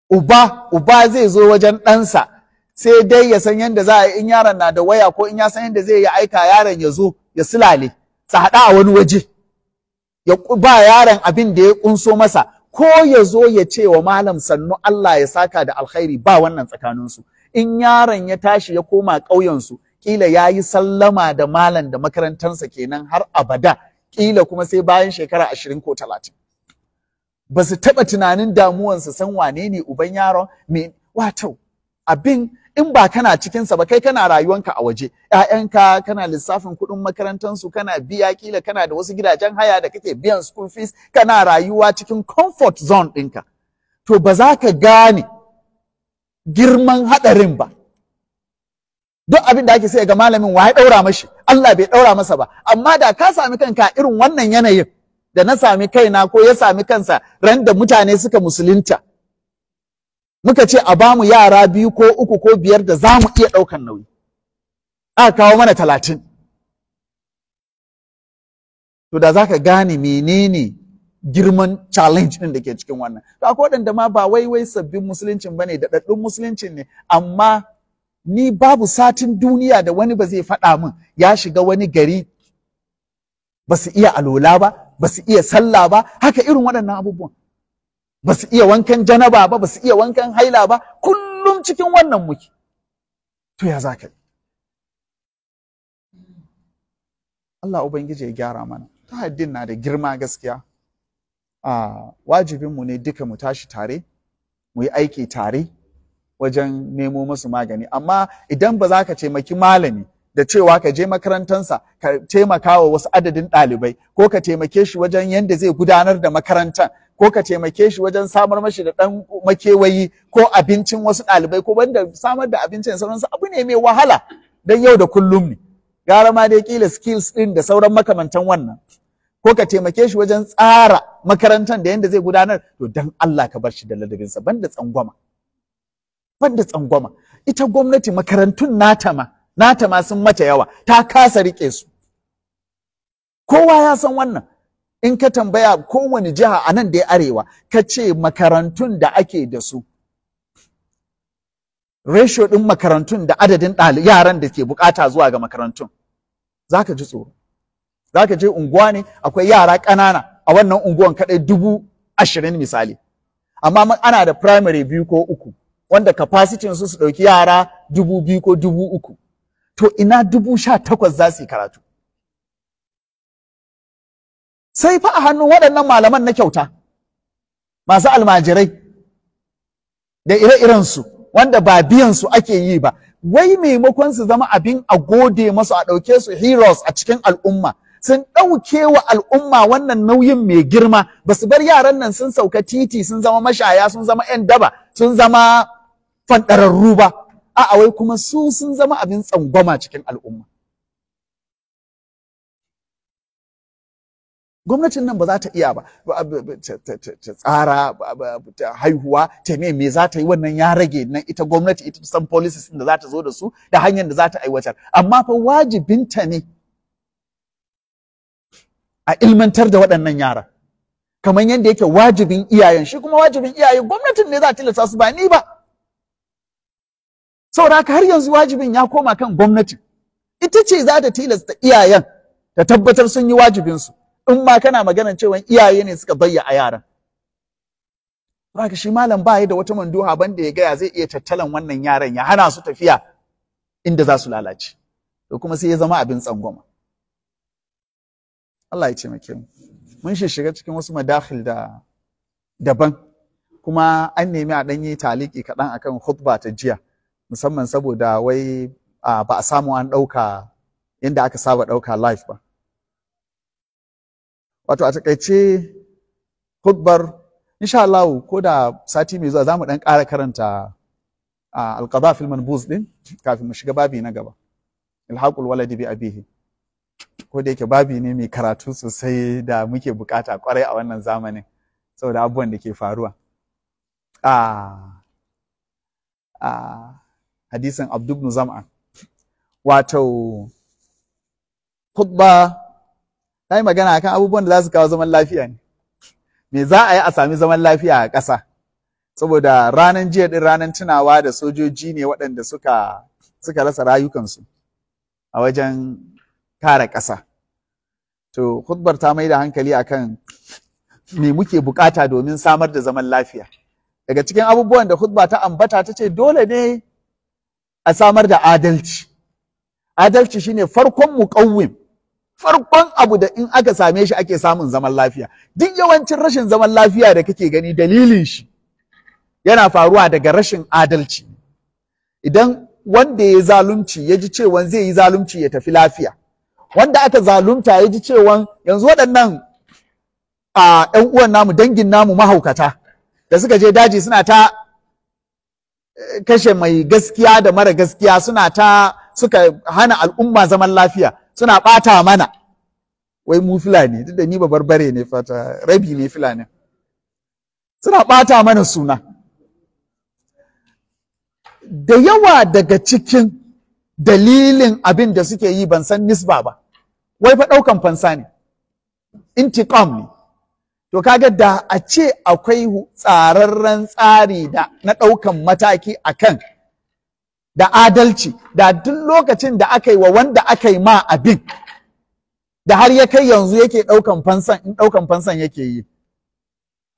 uba uba zai zo wajen ɗansa sai dai ya san yadda za a yi in yaron na da waya ko in ya san yadda zai yi aika yaron ya zo ya silale sa haɗa a wani waje ya ba yaron abin da ya ƙunso masa ko ya zo ya ce wa malam sannu Allah ya saka da alkhairi ba wannan tsakaninsu in yaron ya tashi ya koma ƙauyensu kila ya yi sallama da malam da makarantarsa kenan har abada kila kuma sai bayan shekara ashirin ko talatin ba su taɓa tunanin damuwansa san wane ne uban yaron me wato abin in ba kana cikinsa ba kai kana rayuwanka a waje ƴaƴanka kana lissafin kuɗin makarantansu kana biya kila kana da wasu gidajen haya da kake biyan school fees kana rayuwa cikin comfort zone ɗinka to ba za ka gane girman haɗarin ba duk abin da ake sai ga malamin wa ya ɗaura mashi Allah bai ɗaura masa ba amma da ka sami kanka irin wannan yanayin da na sami kaina ko ya sami kansa ran da mutane suka musulunta muka ce a bamu yara biyu ko uku ko biyar da za mu iya ɗaukan nauyi aka kawo mana talatin to da za ka gane menene girman challenge ɗin da ke cikin wannan to akwai waɗanda ma ba wai wai sabbin musuluncin ba ne daɗaɗɗun musuluncin ne amma ni babu satin duniya da wani ba zai faɗa min ya shiga wani gari ba su iya alola ba ba su iya sallah ba haka irin waɗannan abubuwan ba su iya wankan janaba ba ba su iya wankan haila ba kullum cikin wannan muke to ya za ka yi Allah Ubangiji ya gyara mana ta haddin na da girma gaskiya a wajibinmu ne duka mu tashi tare mu yi aiki tare wajen nemo masu magani amma idan ba za ka taimaki malami da cewa ka je makarantansa ka taimaka wa wasu adadin ɗalibai ko ka taimake shi wajen yadda zai gudanar da makarantar ko ka taimake shi wajen samar mashi da ɗan makewayi ko abincin wasu ɗalibai ko wanda samar da abincin sauransu abu ne mai wahala don yau da kullum ne gara ma dai kila skills ɗin da sauran makamantan wannan ko ka taimake shi wajen tsara makarantar da yadda zai gudanar to dan Allah ka bar shi da ladabinsa banda tsangwama banda tsangwama ita gwamnati makarantun nata ma nata ma sun mata yawa ta kasa rike su kowa ya san wannan in ka tambaya kowane jiha a nan da ya arewa ka ce makarantun da ake da su ratio ɗin makarantun da adadin yaran da ke bukata zuwa ga makarantun za ka ji tsoro za ka je unguwa ne akwai yara ƙanana a wannan unguwan kaɗai dubu ashirin misali amma ana da primary biyu ko uku wanda capacity su su ɗauki yara dubu biyu ko dubu uku to ina dubu sha takwas za su yi karatu sai fa a hannun waɗannan malaman na kyauta masu almajirai da ire-irensu wanda ba biyansu ake yi ba wai maimakon su zama abin a gode masu a ɗauke su heroes a cikin al'umma sun ɗauke wa al'umma wannan nauyin mai girma ba su bar yaran nan sun sauka titi sun zama mashaya sun zama 'yan daba sun zama fanɗararru ba a'a wai kuma su sun zama abin tsangwama cikin al'umma gwamnatin nan ba za ta iya ba ta tsara ta haihuwa ta me me za ta yi wannan ya rage nan ita gwamnati ita san policies da za ta zo da su da hanyar da za ta aiwatar amma fa wajibinta ne a ilmantar da waɗannan yara kamar yadda yake wajibin iyayen shi kuma wajibin iyaye gwamnatin ne za ta tilasta su ba ni ba saboda haka har yanzu wajibin ya koma kan gwamnati ita ce za ta tilasta iyayen ta tabbatar sun yi wajibinsu in ma kana maganar cewa iyaye ne suka bayya a yaran Zaka shi malam ba da wata manduha banda ya gaya zai iya tattalan wannan yaran ya hana su tafiya inda za su lalace. To kuma sai ya zama abin tsangwama. Allah ya taimake mu. Mun shiga cikin wasu madakhil da daban kuma an nemi a ɗanyi taliki kaɗan akan khutba ta jiya. musamman saboda wai ba a samu an ɗauka inda aka saba ɗauka live ba. Wato a takaice hudbar insha Allah ko da sati mai zuwa za mu ɗan ƙara karanta a filman buz ɗin kafin mu shiga babi na gaba. Ilhaƙul waladi bi abihi. Ko da yake babi ne mai karatu sosai da muke bukata ƙwarai a wannan zamanin saboda abubuwan da ke faruwa. Ah, ah, hadisin Abdubnu Zam'a. Wato, khutba ta yi magana akan abubuwan da za su kawo zaman lafiya ne. Me za a yi a sami zaman lafiya a ƙasa? Saboda ranar jiya ɗin ranar tunawa da sojoji ne waɗanda suka, suka rasa rayukansu a wajen kare ƙasa. To, khutbar ta mai da hankali akan me muke bukata domin samar da zaman lafiya. Daga cikin abubuwan da khutba ta ambata ta ce dole ne a samar da adalci adalci shine farkon muƙawwim farkon abu da in aka same shi ake samun zaman lafiya duk yawancin rashin zaman lafiya da kake gani dalilin shi yana faruwa daga rashin adalci idan wanda ya zalunci ya ji cewan zai yi zalunci ya tafi lafiya wanda aka zalunta ya ji cewan yanzu waɗannan a 'yan uwan namu dangin namu mahaukata da suka je daji suna ta kashe mai gaskiya da mara gaskiya suna ta suka hana al'umma zaman lafiya suna ɓata mana wai mu fulani duk da ni ba barbare ne fata rabi ne fulani suna ɓata mana suna da yawa daga cikin dalilin abin da suke yi ban san nisba ba wai fa ɗaukan fansa ne intiqam ne to kaga da a ce akwai tsararren tsari da na ɗaukan mataki a kan da adalci da duk lokacin da aka yi wa wanda aka yi ma abin da har ya kai yanzu yake ɗaukan fansan in ɗaukan fansan yake yi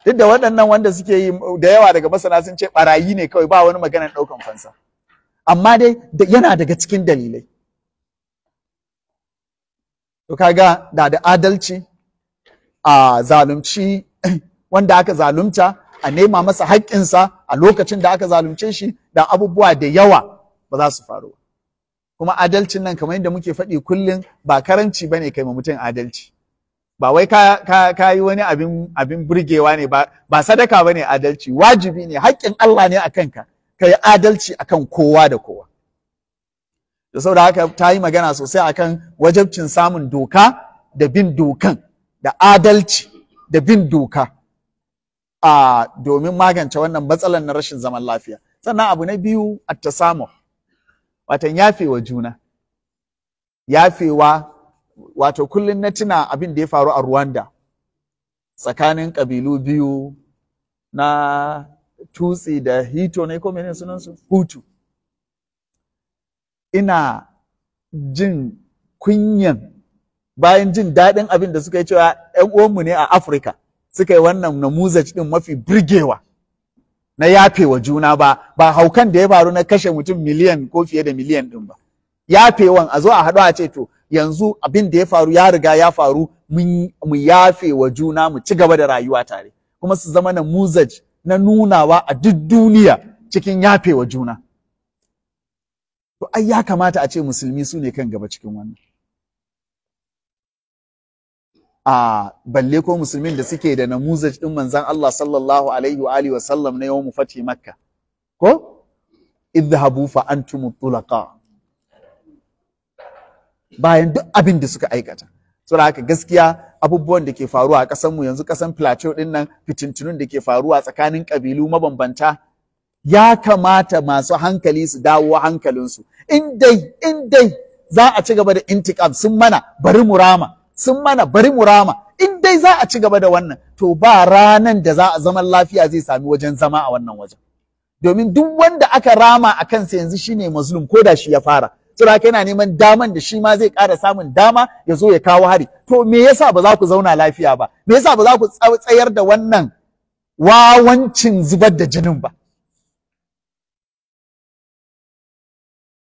duk da waɗannan wanda suke yi da yawa daga masana sun ce ɓarayi ne kawai ba wani maganar ɗaukan fansa amma dai yana daga cikin dalilai to kaga da da adalci a zalunci wanda aka zalunta a nema masa haƙƙinsa a lokacin da aka zalunce shi da abubuwa da yawa ba za su faru kuma adalcin nan kamar yadda muke faɗi kullum ba karanci ba ne kai ma mutum adalci ba wai ka, yi wani abin, burgewa ne ba, ba sadaka ba ne adalci wajibi ne haƙƙin Allah ne a kanka ka yi adalci a kan kowa da kowa da saboda haka ta yi magana sosai akan wajabcin samun doka da bin dokan da adalci da bin doka a domin magance wannan matsalar na rashin zaman lafiya sannan abu na biyu samu. watan yafewa juna yafewa wato kullum na tuna abin da ya faru a Rwanda tsakanin kabilu biyu na tutsi da hito na ko menene sunansu hutu ina jin kunyan bayan jin daɗin abin da suka yi cewa ‘yan uwanmu ne a Afirka suka yi wannan namuzaj ɗin mafi birgewa na yafewa juna ba ba haukan da ya faru na kashe mutum miliyan ko fiye da miliyan ɗin ba yafewan a zo a haɗu a ce to yanzu abin da ya faru ya riga ya faru mu yafe wa juna mu ci gaba da rayuwa tare kuma su zama namuzaj na nunawa a duk duniya cikin yafewa juna to ai ya kamata a ce musulmi su ne kan gaba cikin wannan a balle ko musulmin da suke da namuzaj din manzon Allah sallallahu alaihi wa alihi wa sallam na yawmu fati makka ko Habu fa antum tulaqa bayan duk abin da suka aikata saboda haka gaskiya abubuwan da ke faruwa a ƙasar mu yanzu ƙasar plateau din nan fitintunun da ke faruwa tsakanin ƙabilu mabambanta ya kamata masu hankali su dawo hankalinsu in dai in dai za a ci gaba da intikam sun mana bari mu rama sun mana bari mu rama in dai za a ci gaba da wannan to ba ranan da za a zaman lafiya zai sami wajen zama a wannan wajen domin duk wanda aka rama a kansa yanzu shine mazlum ko da shi ya fara tsira yana neman daman da shi ma zai ƙara samun dama ya zo ya kawo hari to me yasa ba za ku zauna lafiya ba me yasa ba za ku tsayar da wannan wawancin zubar da jinin ba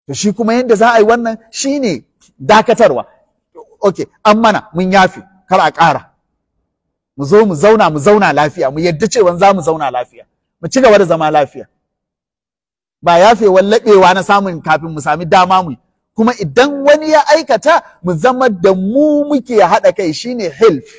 to shi kuma yadda za a yi wannan shine dakatarwa Ok, an mana mun yafi kar a ƙara mu zo mu zauna mu zauna lafiya mu yadda cewa za mu zauna lafiya mu ci gaba da zama lafiya ba yafewar laɓewa na samun kafin mu sami dama mu kuma idan wani ya aikata mu zama da mu muke haɗa kai shine hilf.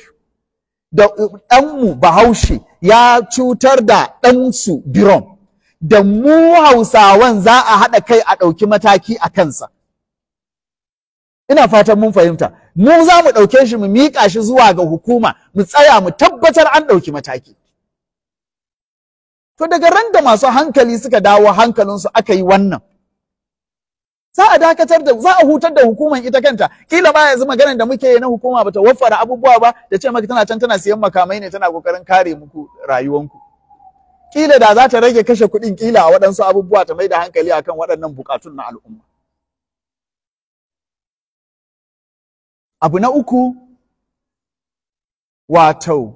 da ɗanmu bahaushe ya cutar da ɗansu birom da mu hausawan za a haɗa kai a ɗauki mataki a kansa ina fatan mun fahimta mu za mu ɗauke shi mu miƙa shi zuwa ga hukuma mu tsaya mu tabbatar an ɗauki mataki to daga ran da masu hankali suka dawo hankalinsu aka yi wannan za a dakatar da za a hutar da hukumar ita kanta kila ba yanzu maganar da muke na hukuma bata waffara abubuwa ba da ce maka tana can tana siyan makamai ne tana kokarin kare muku rayuwanku kila da za ta rage kashe kuɗin kila a waɗansu abubuwa ta mai da hankali akan waɗannan bukatun na al'umma abu na uku wato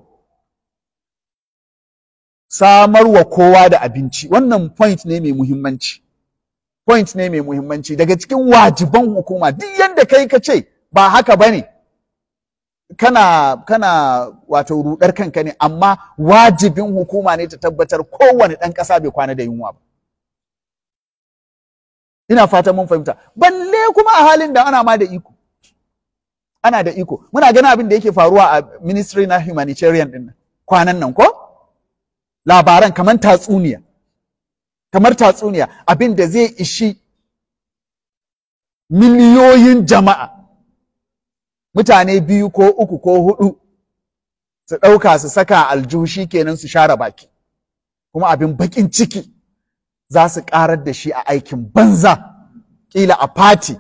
samarwa kowa da abinci wannan point ne mai muhimmanci point ne mai muhimmanci daga cikin wajiban hukuma duk yadda kai ka ce ba haka bane kana kana wato rudar kanka ne amma wajibin hukuma ne ta tabbatar kowane ɗan ƙasa bai kwana da yunwa ba ina fata mun fahimta balle kuma a halin da ana ma da iko ana da iko muna ganin abin da yake faruwa a ministry na humanitarian din kwanan nan ko labaran kamar tatsuniya kamar tatsuniya abin da zai ishi miliyoyin jama'a mutane biyu ko uku ko hudu su ɗauka su saka aljihu shi kenan su share baki kuma abin bakin ciki za su ƙarar da shi a aikin banza ƙila a party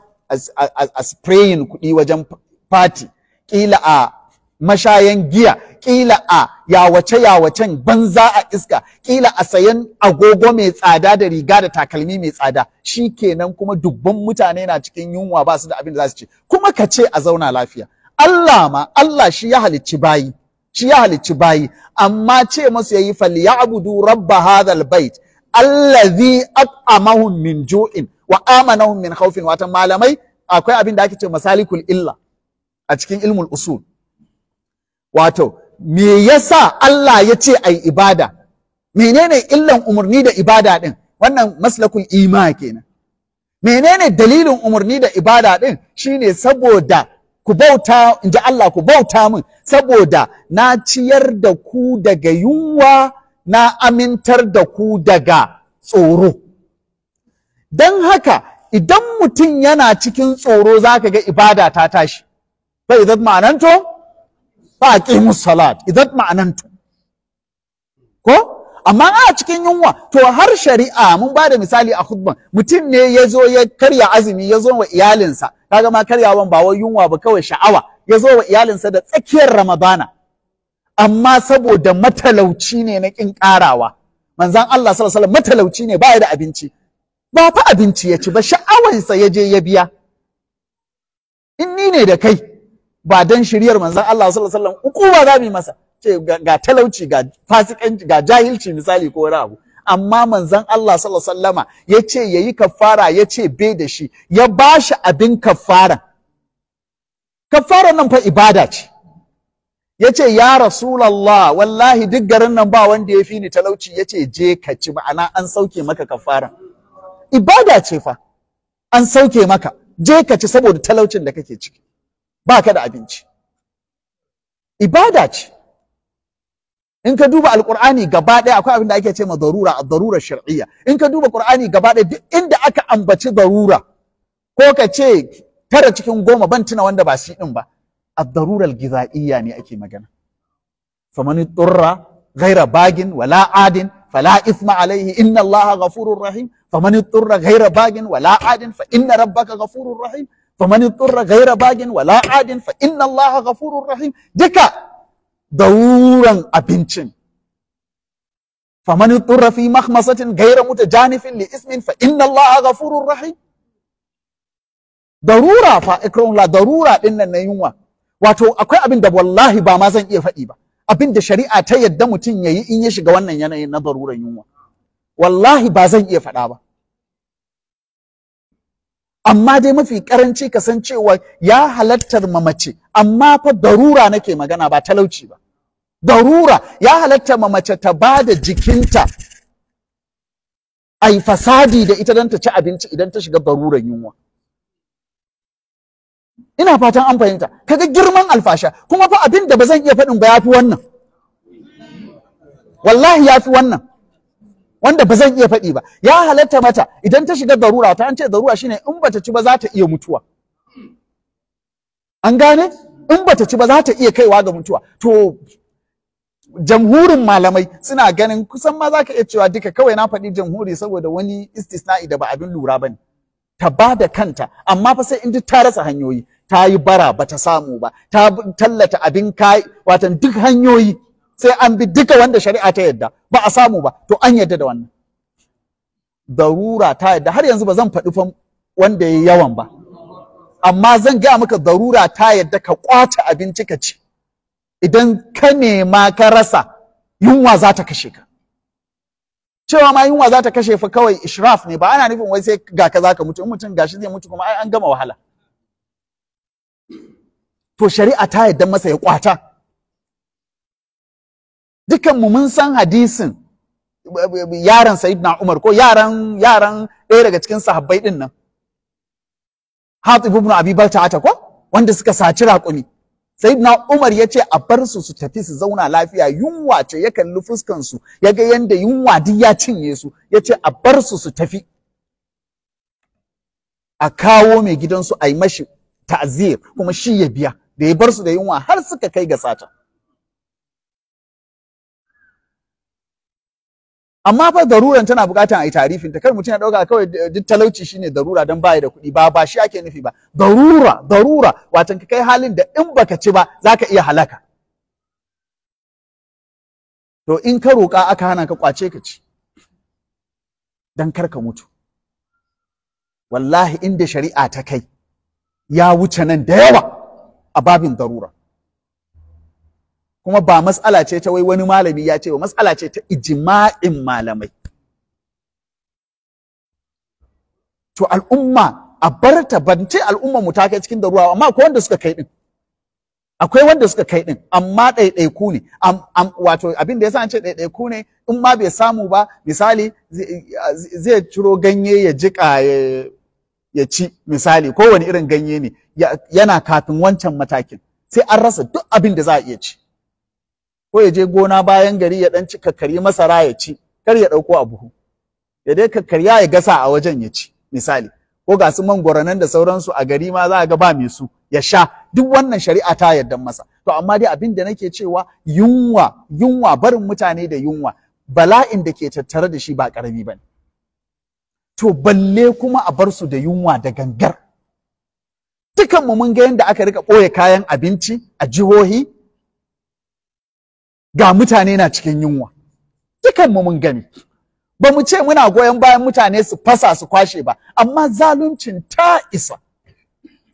a sprayin kuɗi wajen fati ƙila a mashayan giya ƙila a yawace yawacen banza a iska ƙila a sayan agogo mai tsada da riga da takalmi mai tsada shi kenan kuma dubban mutane na cikin yunwa ba su da abin da za su ci kuma ka ce a zauna lafiya Allah ma Allah shi ya halicci bayi shi ya halicci bayi amma ce masu yayi falyabudu rabba hadhal bait allazi at'amahum min ju'in wa amanahum min khawfin watan malamai akwai abin da ake ce masalikul illa a cikin ilmul usul wato me yasa Allah ya ce ai ibada menene illan umarni da ibada din wannan maslakul ima kenan menene dalilin umarni da ibada din shine saboda ku bauta inji Allah ku bauta min saboda na ciyar da ku daga yunwa na amintar da ku daga tsoro dan haka idan mutum yana cikin tsoro zaka ga ibada ta tashi fa idan ma'anantum fa aqimus amma a cikin yunwa to har shari'a mun ba da misali a khutban mutum ne ya zo ya karya azumi ya zo wa iyalinsa kaga ma karyawan ba wai yunwa ba kawai sha'awa ya zo wa iyalinsa da tsakiyar ramadana amma saboda matalauci ne na kin karawa manzon Allah sallallahu matalauci ne ba da abinci ba fa abinci ya ci ba sha'awansa ya je ya biya in ni ne da kai ba dan shiryar manzon Allah sallallahu alaihi uku ba za mu yi masa ce ga talauci ga fasikanci ga jahilci misali ko wani abu amma manzon Allah sallallahu alaihi wasallama yace yayi kafara yace bai da shi ya ba shi abin kafara kafara nan fa ibada ce yace ya rasulullah wallahi duk garin nan ba wanda ya fi ni talauci yace je ka ci ma'ana an sauke maka kafaran ibada ce fa an sauke maka je ka ci saboda talaucin da kake ciki ba ka da abinci ibada ce in ka duba alqur'ani gaba ɗaya akwai abin da ake ce ma darura ad-darura shar'iyya in ka duba qur'ani gaba ɗaya duk inda aka ambaci darura ko ka ce tara cikin goma ban tuna wanda ba shi din ba ad-darura al ne ake magana faman turra ghaira bagin wala adin فلا إثم عليه إن الله غفور Fa فمن اضطر غير باغ ولا عاد فإن ربك غفور رحيم faman yudurra gaira bagin wala'adin, adin fa inna allaha ghafurur duka dauran abincin faman yudurra fi mahmasatin gaira mutajanifin li ismin fa inna allaha ghafurur darura fa ikrun darura din na yunwa wato akwai abinda wallahi ba ma zan iya faɗi ba Abinda shari'a ta yadda mutum yayi in ya shiga wannan yanayin na daruran yunwa wallahi ba zan iya faɗa ba amma dai mafi karanci ka san cewa ya halattar mamace amma fa darura nake magana ba talauci ba darura ya halatta mamace ta ba da jikinta ai fasadi da ita don ta ci abinci idan ta shiga baruran yunwa ina fatan an fahimta kaga girman alfasha kuma fa abin da ba zan iya faɗin ba ya fi wannan wallahi ya fi wannan wanda ba iya faɗi ba ya halatta mata idan ta shiga darura ta an ce darura shine in bata ci ba za ta iya mutuwa an gane in bata ci ba za ta iya kaiwa ga mutuwa to jamhurin malamai suna ganin kusan ma za ka iya cewa duka kawai na faɗi jamhuri saboda wani istisna'i da ba abin lura ba ne ta ba da kanta amma fa sai in duk ta rasa hanyoyi ta yi bara bata samu ba ta tallata abin kai watan duk hanyoyi sai an bi duka wanda shari'a ta yadda ba a samu ba to an yadda da wannan darura ta yadda har yanzu ba zan faɗi fa wanda ya yawan ba amma zan gaya maka darura ta yadda ka kwace abinci ka ci idan ka nema ka rasa yunwa za ta kashe ka cewa ma yunwa za ta kashe fa kawai israf ne ba ana nufin wai sai ga ka ka mutu in mutum gashi zai mutu kuma ai an gama wahala to shari'a ta yadda masa ya kwata mu mun san hadisin yaran Sayyidina Umar ko yaran yaran ɗaya daga cikin sahabbai din nan Hatib ibn Abi Balta'ata ko wanda suka saci raƙumi Sayyidina Umar ya ce a bar su su tafi su zauna lafiya yunwa ce ya kalli fuskan su ya ga yanda yunwa duk ya cinye su ya ce a bar su su tafi a kawo mai gidansu a yi mashi ta'zir kuma shi ya biya da ya bar su da yunwa har suka kai ga sata amma fa daruran tana buƙatar a yi tarifin ta kar mutum ya ɗauka kawai duk talauci shine darura don baya da kuɗi ba ba shi ake nufi ba darura darura watan ka kai halin da in baka ci ba zaka iya halaka to in ka roƙa aka hana ka kwace ka ci dan kar ka mutu wallahi inda shari'a ta kai ya wuce nan da yawa a babin darura kuma ba matsala ce ta wai wani malami ya ce ba matsala ce ta ijima'in malamai to al'umma a barta ban ce al'umma mu ta kai cikin da ruwa amma akwai wanda suka kai din akwai wanda suka kai din amma ɗaiɗaiku ne wato abin da ya an ce ɗaiɗaiku ne in ma bai samu ba misali zai ciro ganye ya jika ya ci misali kowane irin ganye ne yana kafin wancan matakin sai an rasa duk abin da za a iya ci ko ya je gona bayan gari ya ɗan ci kakkari masara ya ci kar ya ɗauko a buhu ya dai kakkarya ya gasa a wajen ya ci misali ko ga su nan da sauransu a gari ma za a ga ba mai su ya sha duk wannan shari'a ta yarda masa to amma dai abin da nake cewa yunwa yunwa barin mutane da yunwa bala'in da ke tattare da shi ba karami ba ne to balle kuma a bar su da yunwa da gangar dukanmu mun ga yadda aka rika ɓoye kayan abinci a jihohi ga mutane na cikin yunwa dukanmu mun gani ba mu ce muna goyon bayan mutane su fasa su kwashe ba amma zaluncin ta isa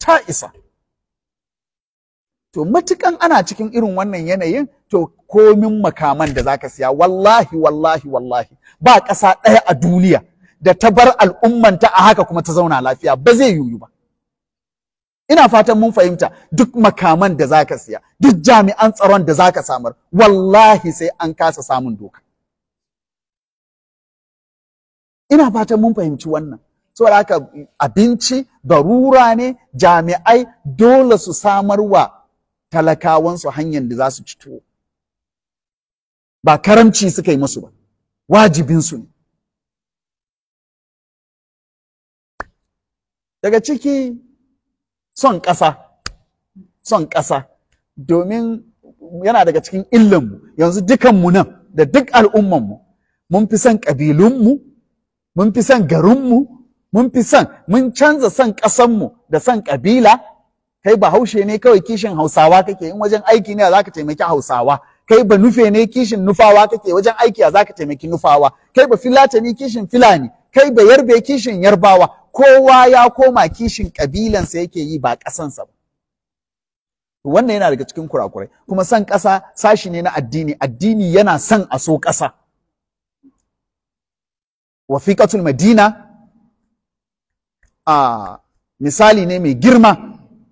ta isa to matukan ana cikin irin wannan yanayin to komin makaman da zaka siya wallahi wallahi wallahi ba ƙasa ɗaya a duniya da ta bar al'ummanta a haka kuma ta zauna lafiya ba zai yiwu ba ina fatan mun fahimta duk makaman da zaka siya duk jami'an tsaron da zaka samar wallahi sai an kasa samun doka ina fatan mun fahimci wannan saboda haka abinci barura ne jami'ai dole su samar wa talakawansu hanyar da za su ci tuwo ba karamci suka yi musu ba wajibinsu ne daga ciki son ƙasa son ƙasa domin yana daga cikin illanmu yanzu dukanmu nan da duk al'ummanmu mun fi son ƙabilunmu mun fi son garinmu mun fi son mun canza son ƙasanmu da son ƙabila kai ba haushe ne kawai kishin hausawa kake in wajen aiki ne za ka taimaki hausawa kai ba nufe ne kishin nufawa kake wajen aiki za ka taimaki nufawa kai ba filatani kishin filani kai ba yarbe kishin yarbawa kowa ya koma kishin kabilansa yake yi ba ƙasansa ba wannan yana daga cikin kurakurai kuma san ƙasa sashi ne na addini addini yana son a so ƙasa wafiƙatul madina a misali ne mai girma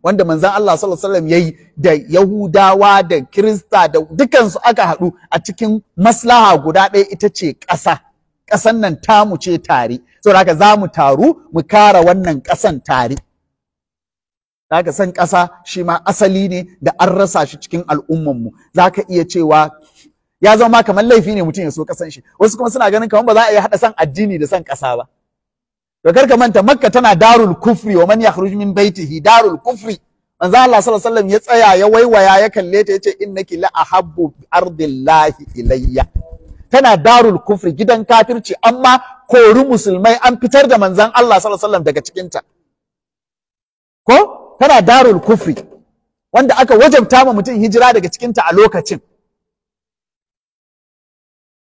wanda manzan Allah sallallahu ya yi yayi da Yahudawa da Kirista da dukansu aka haɗu a cikin maslaha guda ɗaya ita ce ƙasa ƙasan nan ta mu ce tare saboda haka za mu taru mu kara wannan ƙasan tare za ka san ƙasa shi ma asali ne da an rasa shi cikin al'ummanmu za ka iya cewa ya zama kamar laifi ne mutum ya so ƙasan shi wasu kuma suna ganin kamar ba za a iya haɗa san addini da san ƙasa ba to kar ka manta makka tana darul kufri wa man yakhruj min baitihi darul kufri manzo Allah sallallahu alaihi wasallam ya tsaya ya waiwaya ya kalle ta yace innaki la ahabbu ardillahi ilayya tana darul kufri gidan kafirci amma kori musulmai an fitar da manzan Allah sallallahu daga cikinta ko tana darul kufri wanda aka wajabta ma mutum hijira daga cikinta a lokacin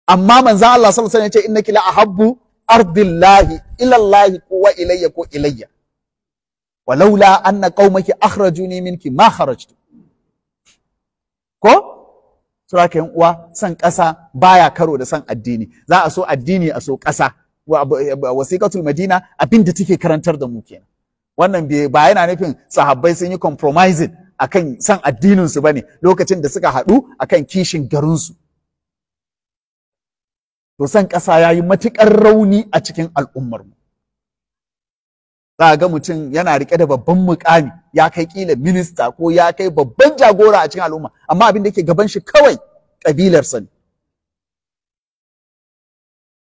amma manzan Allah sallallahu alaihi wasallam ya ce innaki la ahabbu ardillahi ilallahi wa ilayya ko ilayya walaula anna qaumaki akhrajuni minki ma kharajtu ko ka yan uwa san ƙasa baya karo da san addini za a so addini a so ƙasa wasiƙatul madina abin da take karantar da mu kenan wannan ba yana nufin sahabbai sun yi compromising akan san addinin su bane lokacin da suka haɗu akan kishin garin su to san ƙasa yayi matukar rauni a cikin al'ummar mu za ga mutum yana rike da babban mukami ya kai kila minista ko ya kai babban jagora a cikin al'umma amma abin da yake gaban shi kawai kabilarsa ne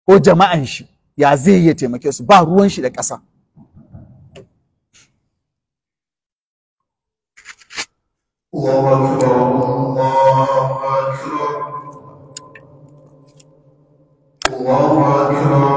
ko jama'an shi ya zai ya taimake su ba ruwan shi da ƙasa Allahu akbar Allahu akbar Allahu akbar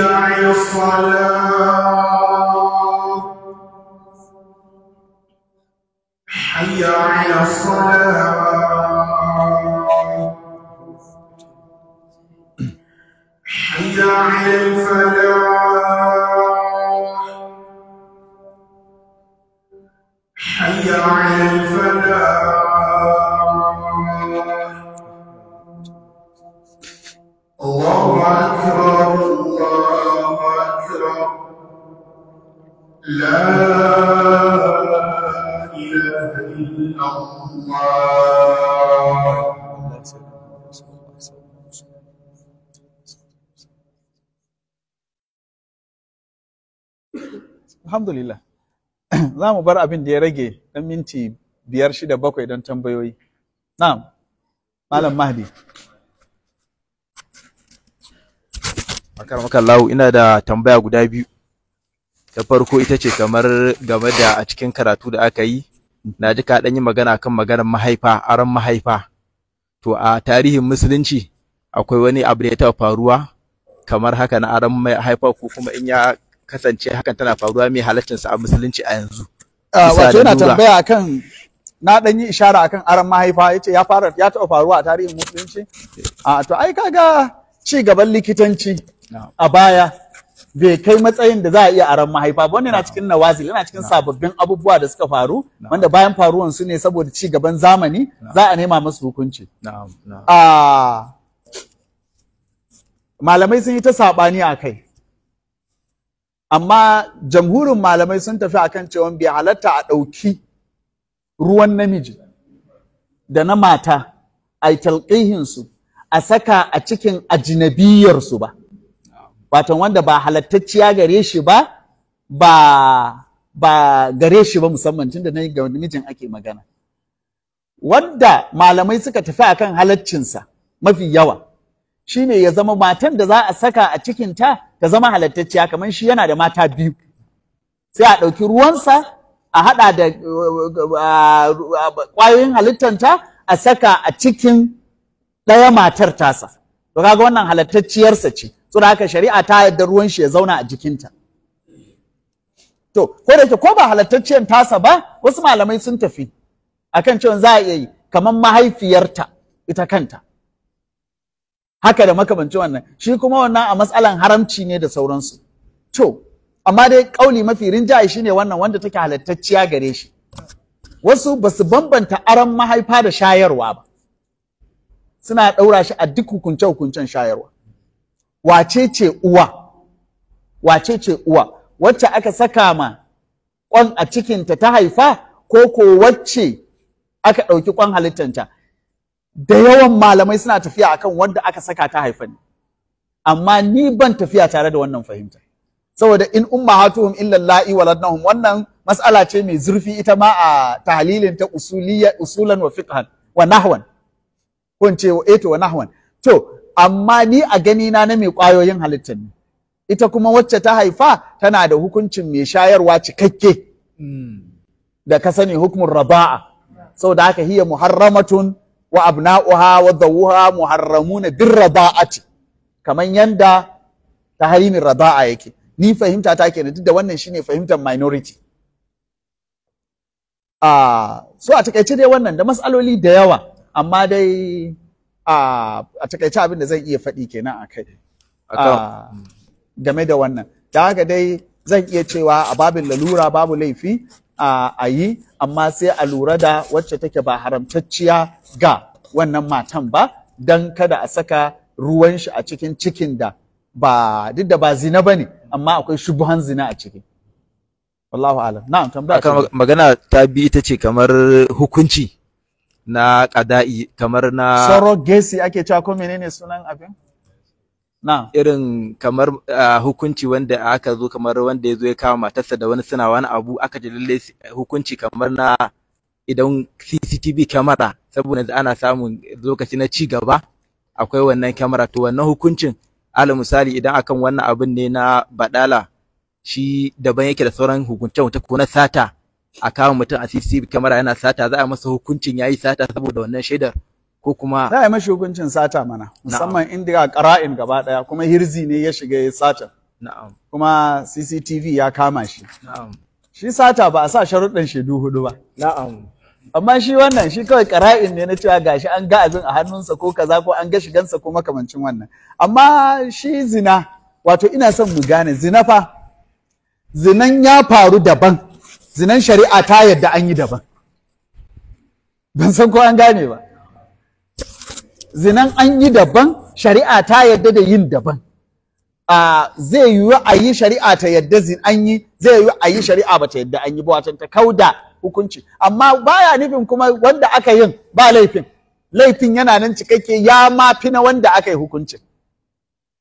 الصلاة حي على الصلاة حي على الفلاح alhamdulillah za mu bar abin da ya rage dan minti biyar shida bakwai don tambayoyi na'am malam mahdi makaramaka Allah ina da tambaya guda biyu ta farko ita ce kamar game da a cikin karatu da aka yi na ji ka ɗan yi magana kan maganar mahaifa aron mahaifa to a tarihin musulunci akwai wani abu da ya taɓa faruwa kamar haka na aron mahaifa ko kuma in ya kasance hakan tana faruwa mai sa a musulunci a yanzu. Ah, wato yana tambaya akan na dan yi ishara akan aran mahaifa yace ya fara ya taɓa faruwa a tarihin musulunci. A ah, to ai kaga ci gaban likitanci a baya bai kai matsayin da za a iya aran mahaifa ba wannan yana cikin nawazil yana cikin sababbin abubuwa da suka faru wanda bayan faruwan su ne saboda ci gaban zamani za a nema musu hukunci. Ah, malamai sun yi ta saɓani a kai. amma jamhurin malamai sun tafi akan cewa bai halatta a ɗauki ruwan namiji da na mata a talƙihinsu a saka a cikin ajinabiyarsu ba watan wanda ba halattacciya gare shi ba ba ba gare shi ba musamman tun da na ga namijin ake magana wanda malamai suka tafi akan halaccinsa mafi yawa shine ya zama matan da za a saka a cikin ta ta zama halattacciya kamar shi yana da mata biyu sai a ɗauki ruwansa a haɗa da ƙwayoyin halittanta a saka a cikin ɗaya matar tasa to kaga wannan halattacciyarsa ce da haka shari'a ta yarda ruwan shi ya zauna a jikinta to ko da ko ba halattacciyar tasa ba wasu malamai sun tafi akan cewa za a iya yi kamar mahaifiyarta ita kanta haka da makamanci wannan shi kuma wannan a matsalan haramci ne da sauransu to amma dai kauli mafi rinjaye shine wannan wanda take halattacciya gare shi wasu ba su bambanta aran mahaifa da shayarwa ba suna ɗaura shi a duk hukunce hukuncen shayarwa wace ce uwa wace ce uwa wacce aka saka ma kwan a cikinta ta haifa ko ko wacce aka ɗauki kwan halittanta da yawan malamai suna tafiya akan wanda aka saka ta haifa amma ni ban tafiya tare da wannan fahimta saboda in ummahatuhum illa la'i waladnahum wannan mas'ala ce mai zurfi ita ma a tahlilin ta usulan wa fiqhan wa nahwan ko ce wa eto eh wa nahwan to amma ni a gani na na mai kwayoyin halittar ne ita kuma wacce ta haifa tana da hukuncin mai shayarwa cikakke hmm. da ka sani hukumin raba'a saboda haka hiya muharramatun wa abna'uha wa zawuha muharramuna bin raba'ati. kaman yanda taharimin rada'a yake ni fahimta ta kenan duk da wannan shine fahimtar minority ah, so a takaice dai wannan da masaloli da yawa amma dai a takaice abin da zan iya faɗi kenan a kai ah, game da wannan da haka dai zan iya cewa a babin lalura babu laifi a yi amma sai a lura da wacce take ba haramtacciya ga wannan matan ba don kada a saka ruwan shi a cikin cikin da ba duk da ba zina ba ne, amma akwai shubuhan zina a ciki wallahu alam na'am tambaya magana ta bi ita ce kamar hukunci na kada'i kamar na surrogacy ake cewa ko menene sunan abin irin kamar ah, hukunci wanda aka zo kamar wanda ya zo ya kama matarsa da wani suna wani abu aka ji lalle hukunci kamar na idan CCTV kyamara saboda ana samun lokaci na ci gaba akwai wannan kyamara to wannan hukuncin ala misali idan akan wannan abin ne na badala shi daban yake da sauran hukuncen wata ko sata a kama mutum a CCTV kyamara yana sata za a masa hukuncin yayi sata saboda wannan shaidar ko kuma za a yi mashi hukuncin sata mana musamman inda ƙara'in gaba ɗaya kuma hirzi ne ya shiga ya sata kuma CCTV ya kama shi shi sata ba a sa sharuɗan shaidu hudu ba na'am amma shi wannan shi kawai ƙara'in ne na cewa gashi an ga abin a hannunsa ko kaza ko an ga shigansa ko makamancin wannan amma shi zina wato ina son mu gane zina fa zinan ya faru daban zinan shari'a ta yadda an yi daban ban san ko an gane ba zinan an yi daban shari'a ta yadda da yin daban a zai yiwu a yi shari'a ta yadda zin an yi zai yiwu a yi shari'a ba ta yadda an yi ba ta kauda hukunci amma baya nufin kuma wanda aka yin ba laifin laifin yana nan cikakke ya ma fi na wanda aka yi hukunci.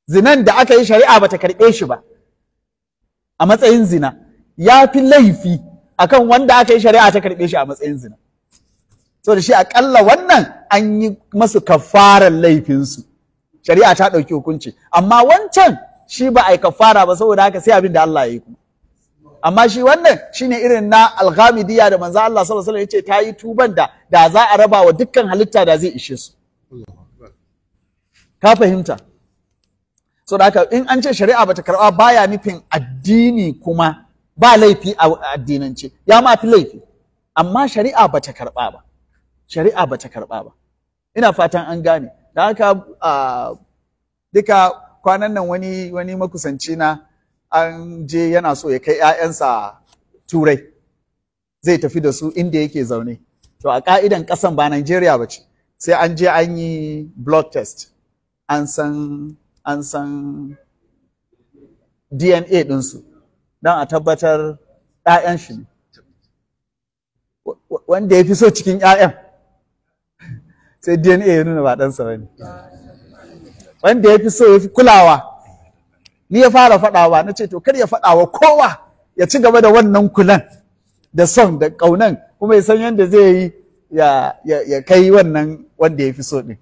zinan da aka yi shari'a ba ta karɓe shi ba a matsayin zina ya fi laifi akan wanda aka yi shari'a ta karɓe shi a matsayin zina so da shi akalla wannan an yi masu kafarar laifinsu shari'a ta ɗauki hukunci amma wancan shi ba a yi kafara ba saboda haka sai abin da Allah ya yi kuma amma shi wannan shi ne irin na alghamidiya da manzo Allah sallallahu alaihi wasallam yace ta yi tuban da da za a raba wa dukkan halitta da zai ishe su ka fahimta so da haka in an ce shari'a bata karba baya nufin addini kuma ba laifi a addinance ya ma fi laifi amma shari'a bata karɓa ba shari'a bata karɓa ba ina fatan an gane da haka duka kwanan nan wani wani makusanci na an je yana so ya kai 'ya'yansa turai zai tafi da su inda yake zaune to a ƙa'idan ƙasan ba Najeriya ba ce sai an je an yi blood test an san an san DNA ɗinsu don a tabbatar 'ya'yan shi ne wanda ya fi so cikin 'ya'yan sai dna ya nuna ba ɗansa ba ne wanda ya fi so ya kulawa ni ya fara faɗawa na ce to kar ya faɗawa kowa ya ci gaba da wannan kulan da son da ƙaunan kuma ya san yadda zai yi ya kai wannan wanda ya fi so ɗin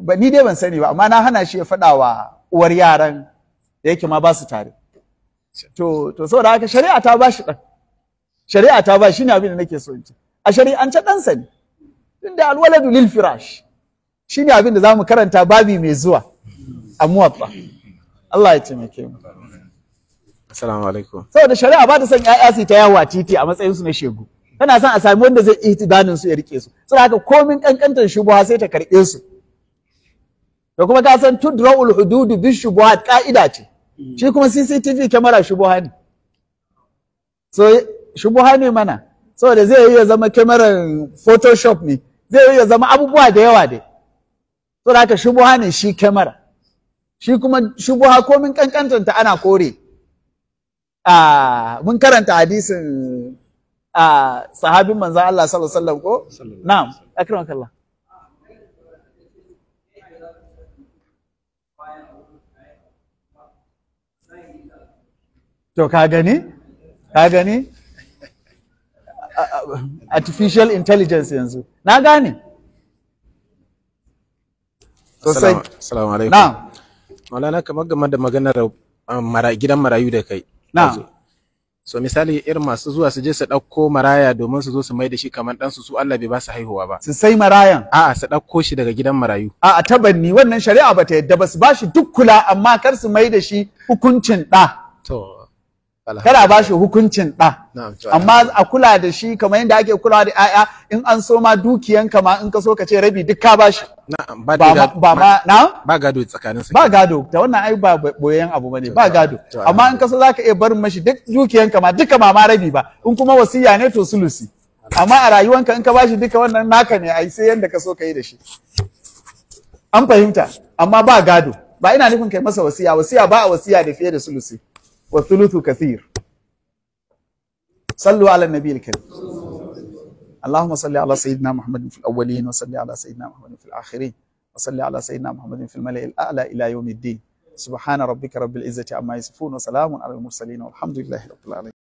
ba ni dai ban sani ba amma na hana shi ya faɗa wa uwar yaran da yake ma ba su tare to to saboda haka shari'a ta ba shi ɗan shari'a ta ba shi ne abin da nake so in ce a shari'ance ɗansa ne inda alwaladu lil firash shine abin da mu karanta babi mai zuwa a muwatta Allah ya taimake mu assalamu alaikum saboda shari'a ba ta son ƴaƴa su ta yawa a titi a matsayin su na shegu tana son a sami wanda zai ihtidanin su ya rike su saboda haka komin kankantar shubuha sai ta karbe su da kuma ka san tudrawul hududu bi shubuhat ka'ida ce shi kuma CCTV kyamara shubuha ne so shubuha ne mana saboda zai iya zama kyamarar photoshop ne zai iya zama abubuwa da yawa dai da haka shubuha ne shi kyamara shi kuma shubuha komin kankantanta ana kore mun karanta hadisin a sahabin manzan Allah sallallahu alaihi ko na'am akramakallah to ka gani ka gani artificial intelligence yanzu na gane Salamu assalamu alaikum na'am maulana kamar game da maganar ah, gidan marayu da kai na'am so misali irin masu zuwa su je su ɗauko maraya domin su zo su mai da shi kamar ɗansu su Allah bai ba su haihuwa ba. Su sai marayan. A'a su ɗauko shi daga gidan marayu. A'a tabanni wannan shari'a ba ta yadda ba su ba shi duk kula amma kar su mai da shi hukuncin ɗa. To. kada ba shi hukuncin ɗa amma a kula da shi kamar yadda ake kulawa da 'ya'ya in an so ma dukiyanka ma in ka so ka ce rabi duk ka ba shi ba ma na ba gado tsakanin su ba gado da wannan ai ba boyen abu bane ba gado amma in ka so zaka iya barin mashi duk dukiyanka ma duka ma ma rabi ba in kuma wasiya ne to sulusi amma a rayuwanka in ka ba shi duka wannan naka ne ai sai yadda ka so ka yi da shi an fahimta amma ba gado ba ina nufin kai masa wasiya wasiya ba a wasiya da fiye da sulusi والثلث كثير صلوا على النبي الكريم اللهم صل على سيدنا محمد في الأولين وصل على سيدنا محمد في الآخرين وصل على سيدنا محمد في الملأ الأعلى إلى يوم الدين سبحان ربك رب العزة عما يصفون وسلام على المرسلين والحمد لله رب العالمين